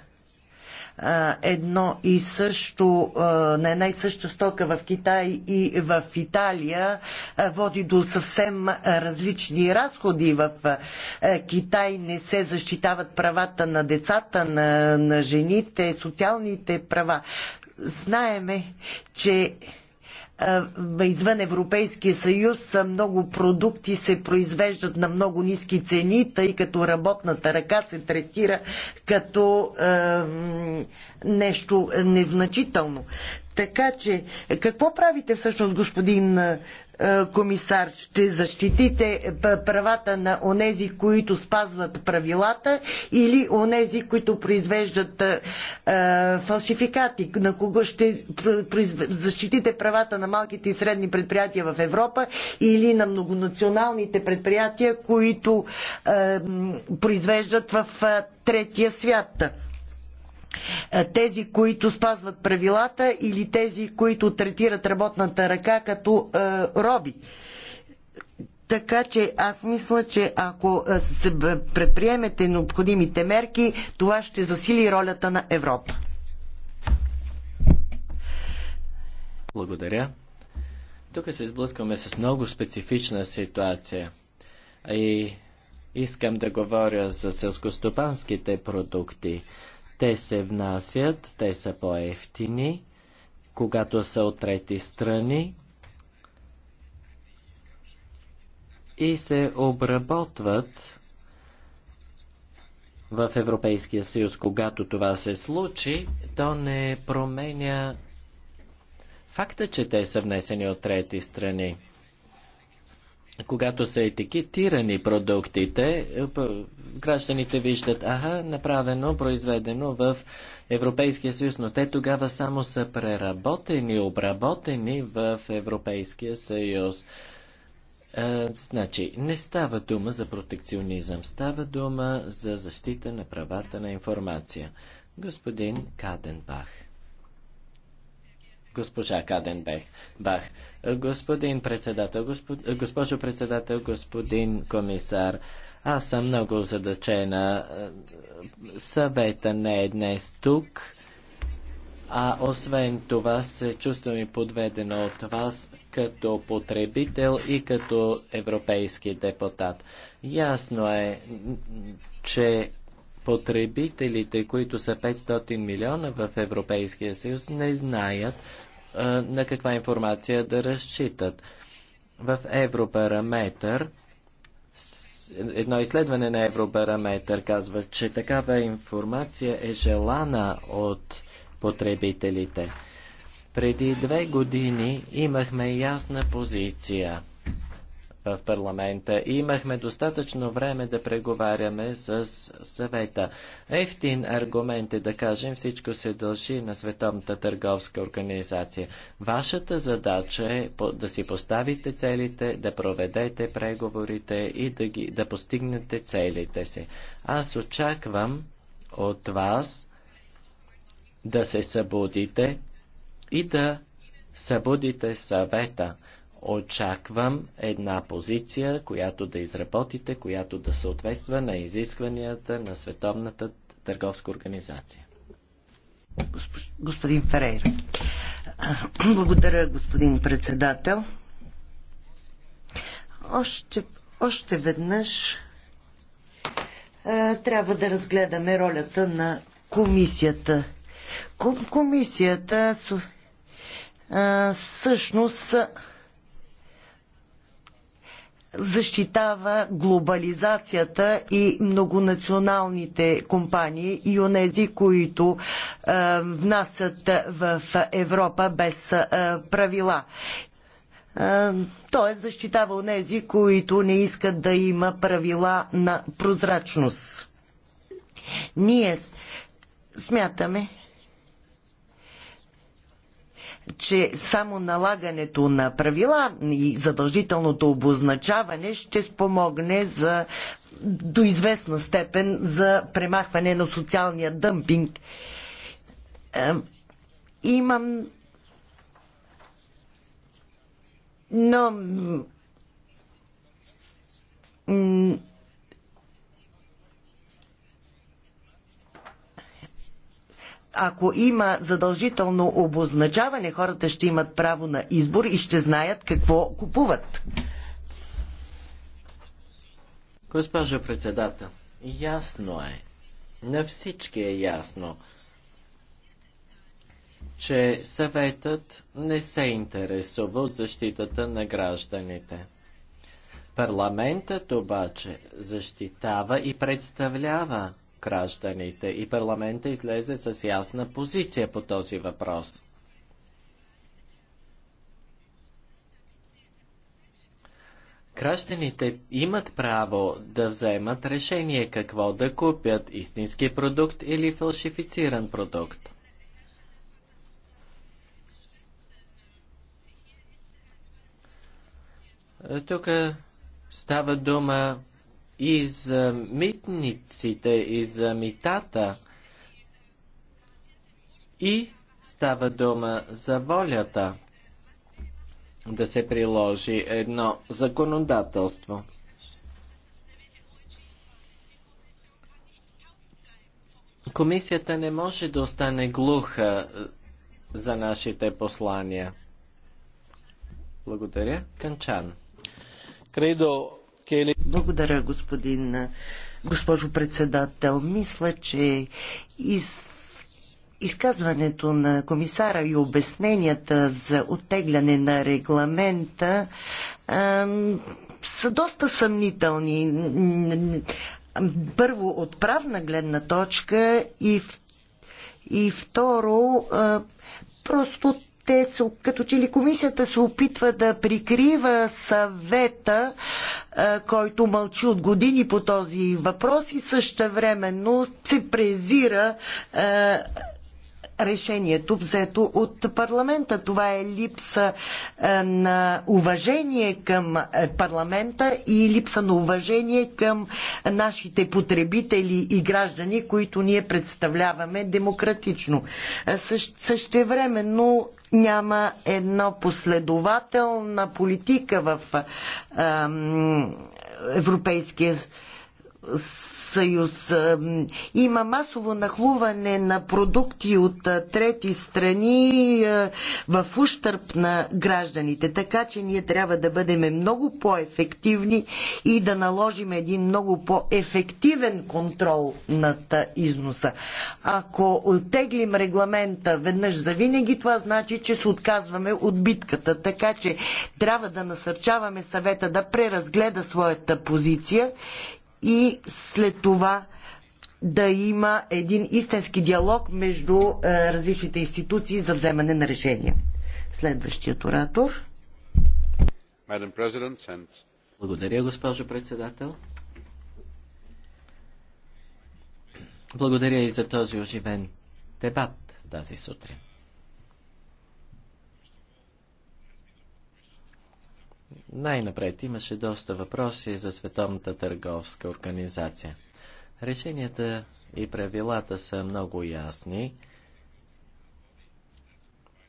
S3: едно и също, на една и съща стока в Китай и в Италия води до съвсем различни разходи. В Китай не се защитават правата на децата, на, на жените, социалните права. Знаеме, че извън Европейския съюз много продукти се произвеждат на много ниски цени, тъй като работната ръка се третира като е, нещо незначително. Така че, е, какво правите всъщност, господин е, е, комисар? Ще защитите правата на онези, които спазват правилата или онези, които произвеждат е, фалшификати? На кого ще защитите правата на малките и средни предприятия в Европа или на многонационалните предприятия, които е, произвеждат в третия свят? Е, тези, които спазват правилата или тези, които третират работната ръка като е, роби. Така че аз мисля, че ако е, се предприемете необходимите мерки, това ще засили ролята на Европа.
S1: Благодаря. Тук се сблъскваме с много специфична ситуация. И искам да говоря за селскостопанските продукти. Те се внасят, те са по-ефтини, когато са от трети страни и се обработват в Европейския съюз. Когато това се случи, то не променя факта, че те са внесени от трети страни когато са етикетирани продуктите, е, гражданите виждат, аха, направено, произведено в Европейския съюз, но те тогава само са преработени, обработени в Европейския съюз. А, е, значи, не става дума за протекционизъм, става дума за защита на правата на информация. Господин Каденбах госпожа Каденбех. Бах. Господин председател, господ... госпожо председател, господин комисар, аз съм много задачена. Съвета не е днес тук. А освен това се чувствам и подведена от вас като потребител и като европейски депутат. Ясно е, че потребителите, които са 500 милиона в Европейския съюз, не знаят е, на каква информация да разчитат. В Европараметър едно изследване на Европараметър казва, че такава информация е желана от потребителите. Преди две години имахме ясна позиция в парламента и имахме достатъчно време да преговаряме с съвета. Ефтин аргумент е да кажем всичко се дължи на Световната търговска организация. Вашата задача е да си поставите целите, да проведете преговорите и да, ги, да постигнете целите си. Аз очаквам от вас да се събудите и да събудите съвета. Очаквам една позиция, която да изработите, която да съответства на изискванията на Световната търговска организация.
S3: Господин Ферейр. Благодаря, господин председател. Още, още веднъж е, трябва да разгледаме ролята на комисията. комисията е, всъщност защитава глобализацията и многонационалните компании и онези, които е, внасят в Европа без е, правила. Е, Тоест защитава онези, които не искат да има правила на прозрачност. Ние смятаме, че само налагането на правила и задължителното обозначаване ще спомогне за до известна степен за премахване на социалния дъмпинг. Имам. Но ако има задължително обозначаване, хората ще имат право на избор и ще знаят какво купуват.
S1: Госпожо председател, ясно е. На всички е ясно, че съветът не се интересува от защитата на гражданите. Парламентът обаче защитава и представлява гражданите и парламента излезе с ясна позиция по този въпрос. Гражданите имат право да вземат решение какво да купят истински продукт или фалшифициран продукт. Тук става дума и за митниците, и за митата. И става дума за волята да се приложи едно законодателство. Комисията не може да остане глуха е, за нашите послания. Благодаря. Канчан.
S3: Кредо, благодаря, господин, госпожо председател. Мисля, че из изказването на комисара и обясненията за оттегляне на регламента са доста съмнителни. Първо, от правна гледна точка и, и второ, а, просто те са, като че ли комисията се опитва да прикрива съвета, който мълчи от години по този въпрос и същевременно се презира решението взето от парламента. Това е липса на уважение към парламента и липса на уважение към нашите потребители и граждани, които ние представляваме демократично. Същевременно няма едно последователна политика в Европейския съюз. Има масово нахлуване на продукти от трети страни в ущърп на гражданите. Така че ние трябва да бъдем много по-ефективни и да наложим един много по-ефективен контрол над износа. Ако оттеглим регламента веднъж за винаги, това значи, че се отказваме от битката. Така че трябва да насърчаваме съвета да преразгледа своята позиция и след това да има един истински диалог между е, различните институции за вземане на решения. Следващият оратор.
S1: Благодаря, госпожо председател. Благодаря и за този оживен дебат тази сутрин. Най-напред имаше доста въпроси за Световната търговска организация. Решенията и правилата са много ясни.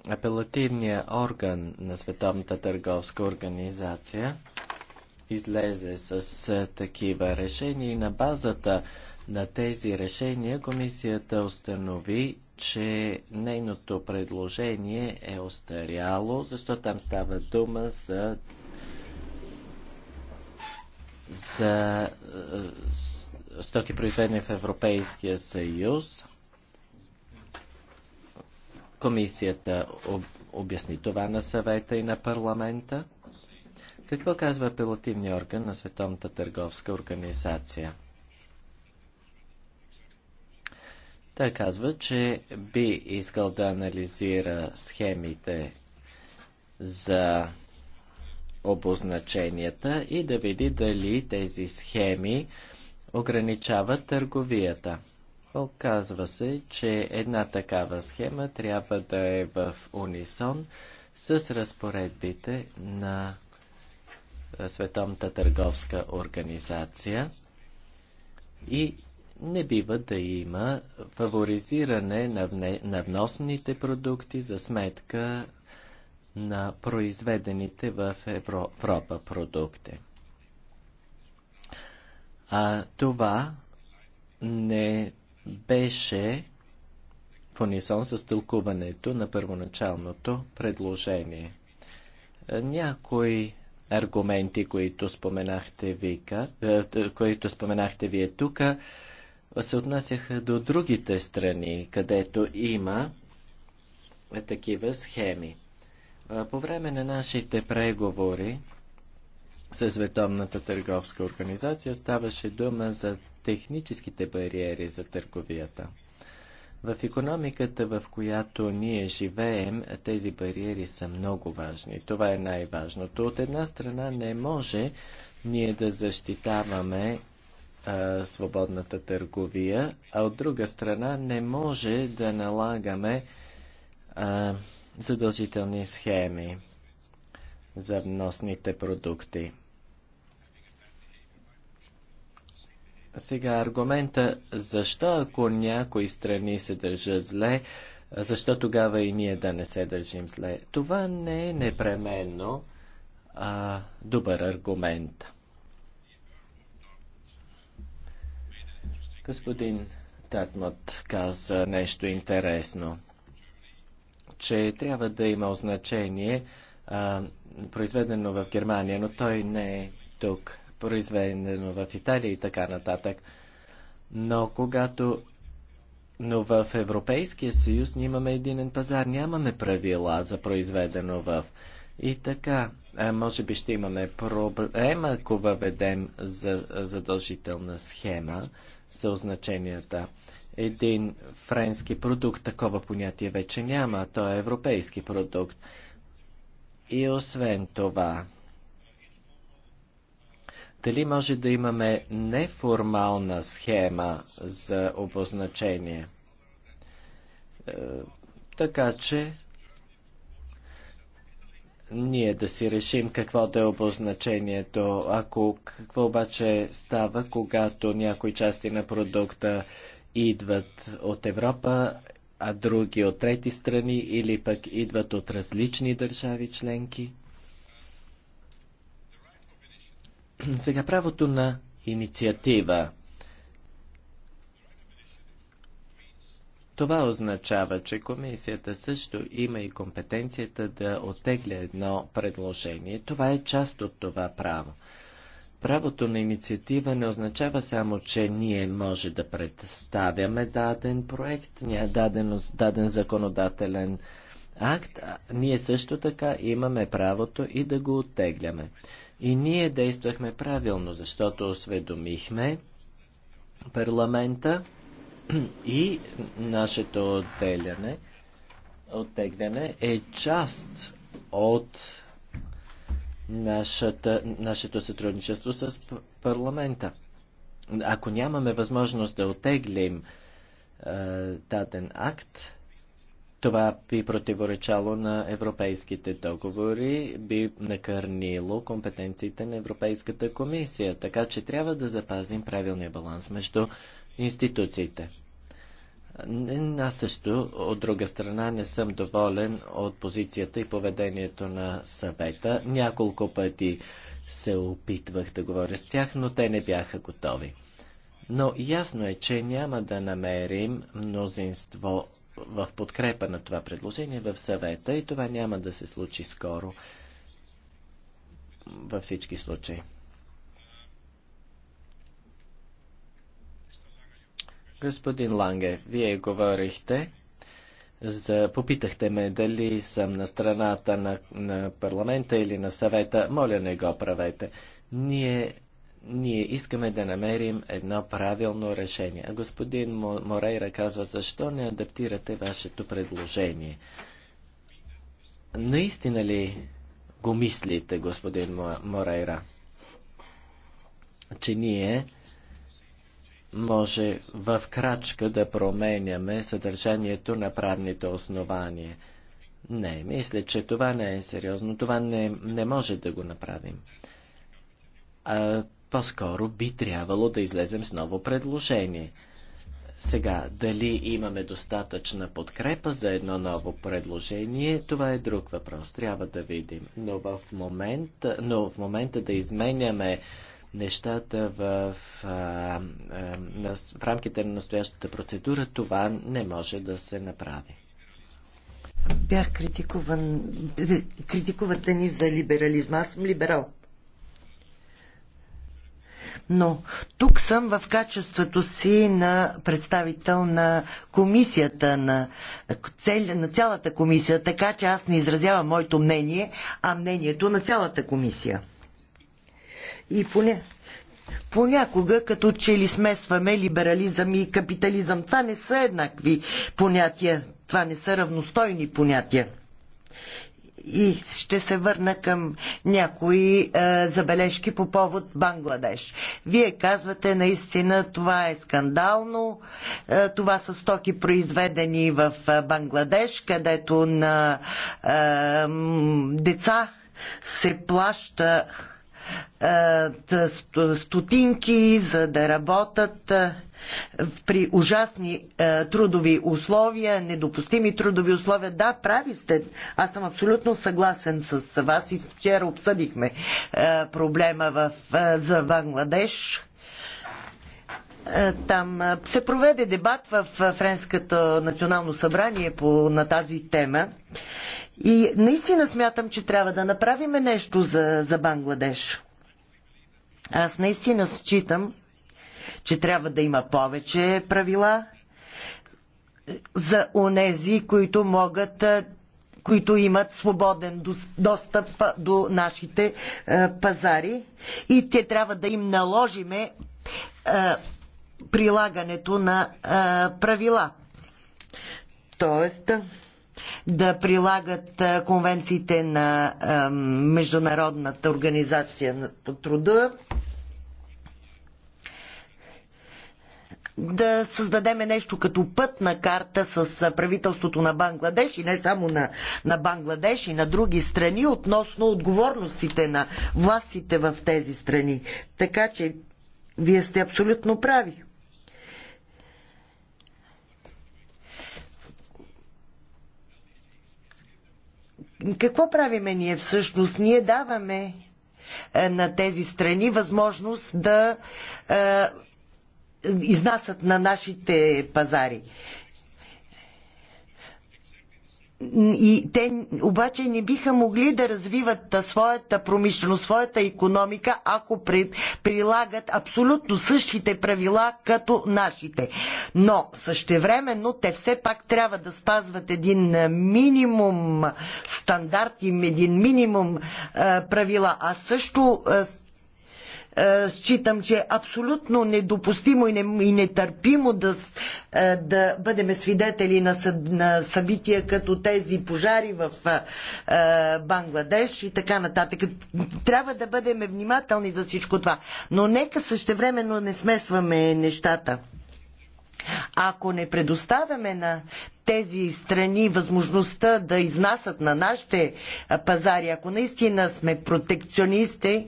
S1: Апелативният орган на Световната търговска организация излезе с такива решения и на базата на тези решения комисията установи, че нейното предложение е остаряло, защото там става дума за за е, стоки произведени в Европейския съюз. Комисията обясни това на съвета и на парламента. Какво казва апелативния орган на Световната търговска организация? Той казва, че би искал да анализира схемите за обозначенията и да види дали тези схеми ограничават търговията. Оказва се, че една такава схема трябва да е в унисон с разпоредбите на Световната търговска организация и не бива да има фаворизиране на, вне, на вносните продукти за сметка на произведените в Европа продукти. А това не беше в унисон с тълкуването на първоначалното предложение. Някои аргументи, които споменахте, вика, които споменахте вие тук, се отнасяха до другите страни, където има такива схеми. По време на нашите преговори със Световната търговска организация ставаше дума за техническите бариери за търговията. В економиката, в която ние живеем, тези бариери са много важни. Това е най-важното. От една страна не може ние да защитаваме а, свободната търговия, а от друга страна не може да налагаме а, задължителни схеми за вносните продукти. Сега аргумента, защо ако някои страни се държат зле, защо тогава и ние да не се държим зле? Това не е непременно а, добър аргумент. Господин Татмот каза нещо интересно че трябва да има означение а, произведено в Германия, но той не е тук, произведено в Италия и така нататък. Но когато но в Европейския съюз ние имаме единен пазар, нямаме правила за произведено в. И така, а, може би ще имаме проблем, ако въведем за задължителна схема за означенията един френски продукт. Такова понятие вече няма. Той е европейски продукт. И освен това, дали може да имаме неформална схема за обозначение? Е, така че ние да си решим какво да е обозначението, ако какво обаче става, когато някои части на продукта идват от Европа, а други от трети страни или пък идват от различни държави членки. Сега правото на инициатива. Това означава, че комисията също има и компетенцията да отегля едно предложение. Това е част от това право. Правото на инициатива не означава само, че ние може да представяме даден проект, даден, даден законодателен акт, а ние също така имаме правото и да го оттегляме. И ние действахме правилно, защото осведомихме парламента и нашето оттегляне, оттегляне е част от нашата, нашето сътрудничество с парламента. Ако нямаме възможност да отеглим е, даден акт, това би противоречало на европейските договори, би накърнило компетенциите на Европейската комисия, така че трябва да запазим правилния баланс между институциите. Аз също, от друга страна, не съм доволен от позицията и поведението на съвета. Няколко пъти се опитвах да говоря с тях, но те не бяха готови. Но ясно е, че няма да намерим мнозинство в подкрепа на това предложение в съвета и това няма да се случи скоро във всички случаи. Господин Ланге, вие говорихте за... Попитахте ме дали съм на страната на, на парламента или на съвета. Моля, не го правете. Ние, ние искаме да намерим едно правилно решение. А господин Морейра казва, защо не адаптирате вашето предложение? Наистина ли го мислите, господин Морейра, че ние може в крачка да променяме съдържанието на правните основания. Не, мисля, че това не е сериозно. Това не, не може да го направим. А, по-скоро би трябвало да излезем с ново предложение. Сега, дали имаме достатъчна подкрепа за едно ново предложение, това е друг въпрос. Трябва да видим. Но в момента, но в момента да изменяме нещата в, а, а, в рамките на настоящата процедура, това не може да се направи.
S3: Бях критикуван. Критикувате ни за либерализма. Аз съм либерал. Но тук съм в качеството си на представител на комисията, на, цел, на цялата комисия, така че аз не изразявам моето мнение, а мнението на цялата комисия. И поня... понякога, като че ли смесваме либерализъм и капитализъм, това не са еднакви понятия, това не са равностойни понятия. И ще се върна към някои е, забележки по повод Бангладеш. Вие казвате наистина това е скандално. Е, това са стоки произведени в е, Бангладеш, където на е, деца се плаща стотинки, за да работят при ужасни трудови условия, недопустими трудови условия. Да, прави сте. Аз съм абсолютно съгласен с вас и вчера обсъдихме проблема в, за Бангладеш. Там се проведе дебат в Френското национално събрание по, на тази тема и наистина смятам, че трябва да направим нещо за, за Бангладеш. Аз наистина считам, че трябва да има повече правила за онези, които могат които имат свободен достъп до нашите пазари и те трябва да им наложиме прилагането на правила. Тоест, да прилагат конвенциите на Международната организация на труда, да създадеме нещо като пътна карта с правителството на Бангладеш и не само на, на Бангладеш и на други страни относно отговорностите на властите в тези страни. Така че вие сте абсолютно прави. какво правиме ние всъщност? Ние даваме е, на тези страни възможност да е, изнасят на нашите пазари и те обаче не биха могли да развиват своята промишленост, своята економика, ако при, прилагат абсолютно същите правила като нашите. Но същевременно те все пак трябва да спазват един минимум стандарт и един минимум правила. А също е, считам, че е абсолютно недопустимо и, не, и нетърпимо да, е, да бъдем свидетели на, на събития като тези пожари в а, е, Бангладеш и така нататък. Трябва да бъдем внимателни за всичко това. Но нека същевременно не смесваме нещата. Ако не предоставяме на тези страни възможността да изнасят на нашите пазари, ако наистина сме протекционисти,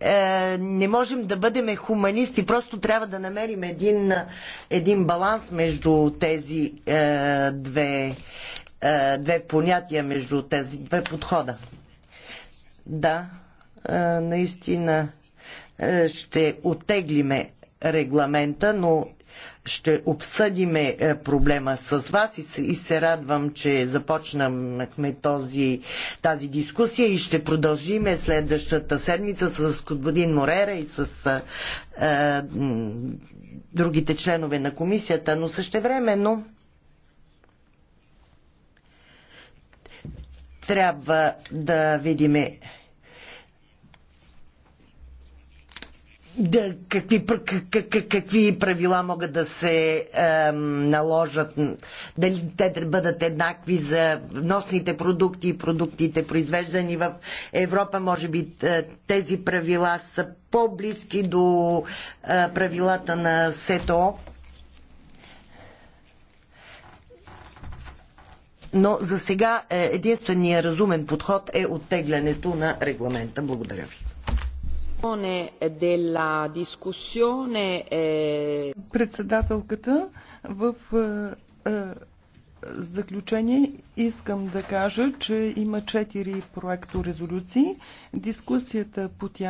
S3: е, не можем да бъдем хуманисти, просто трябва да намерим един, един баланс между тези е, две, е, две понятия, между тези две подхода. Да, наистина ще оттеглиме регламента, но ще обсъдиме е, проблема с вас и се, и се радвам, че започнахме този, тази дискусия и ще продължиме следващата седмица с господин Морера и с е, е, другите членове на комисията, но същевременно трябва да видиме да, какви, как, какви правила могат да се е, наложат, дали те да бъдат еднакви за вносните продукти и продуктите, произвеждани в Европа, може би е, тези правила са по-близки до е, правилата на СЕТО. Но за сега е, единствения разумен подход е оттеглянето на регламента. Благодаря ви.
S2: Е, Председателката в е, е, заключение искам да кажа, че има четири проекто резолюции. Дискусията по тях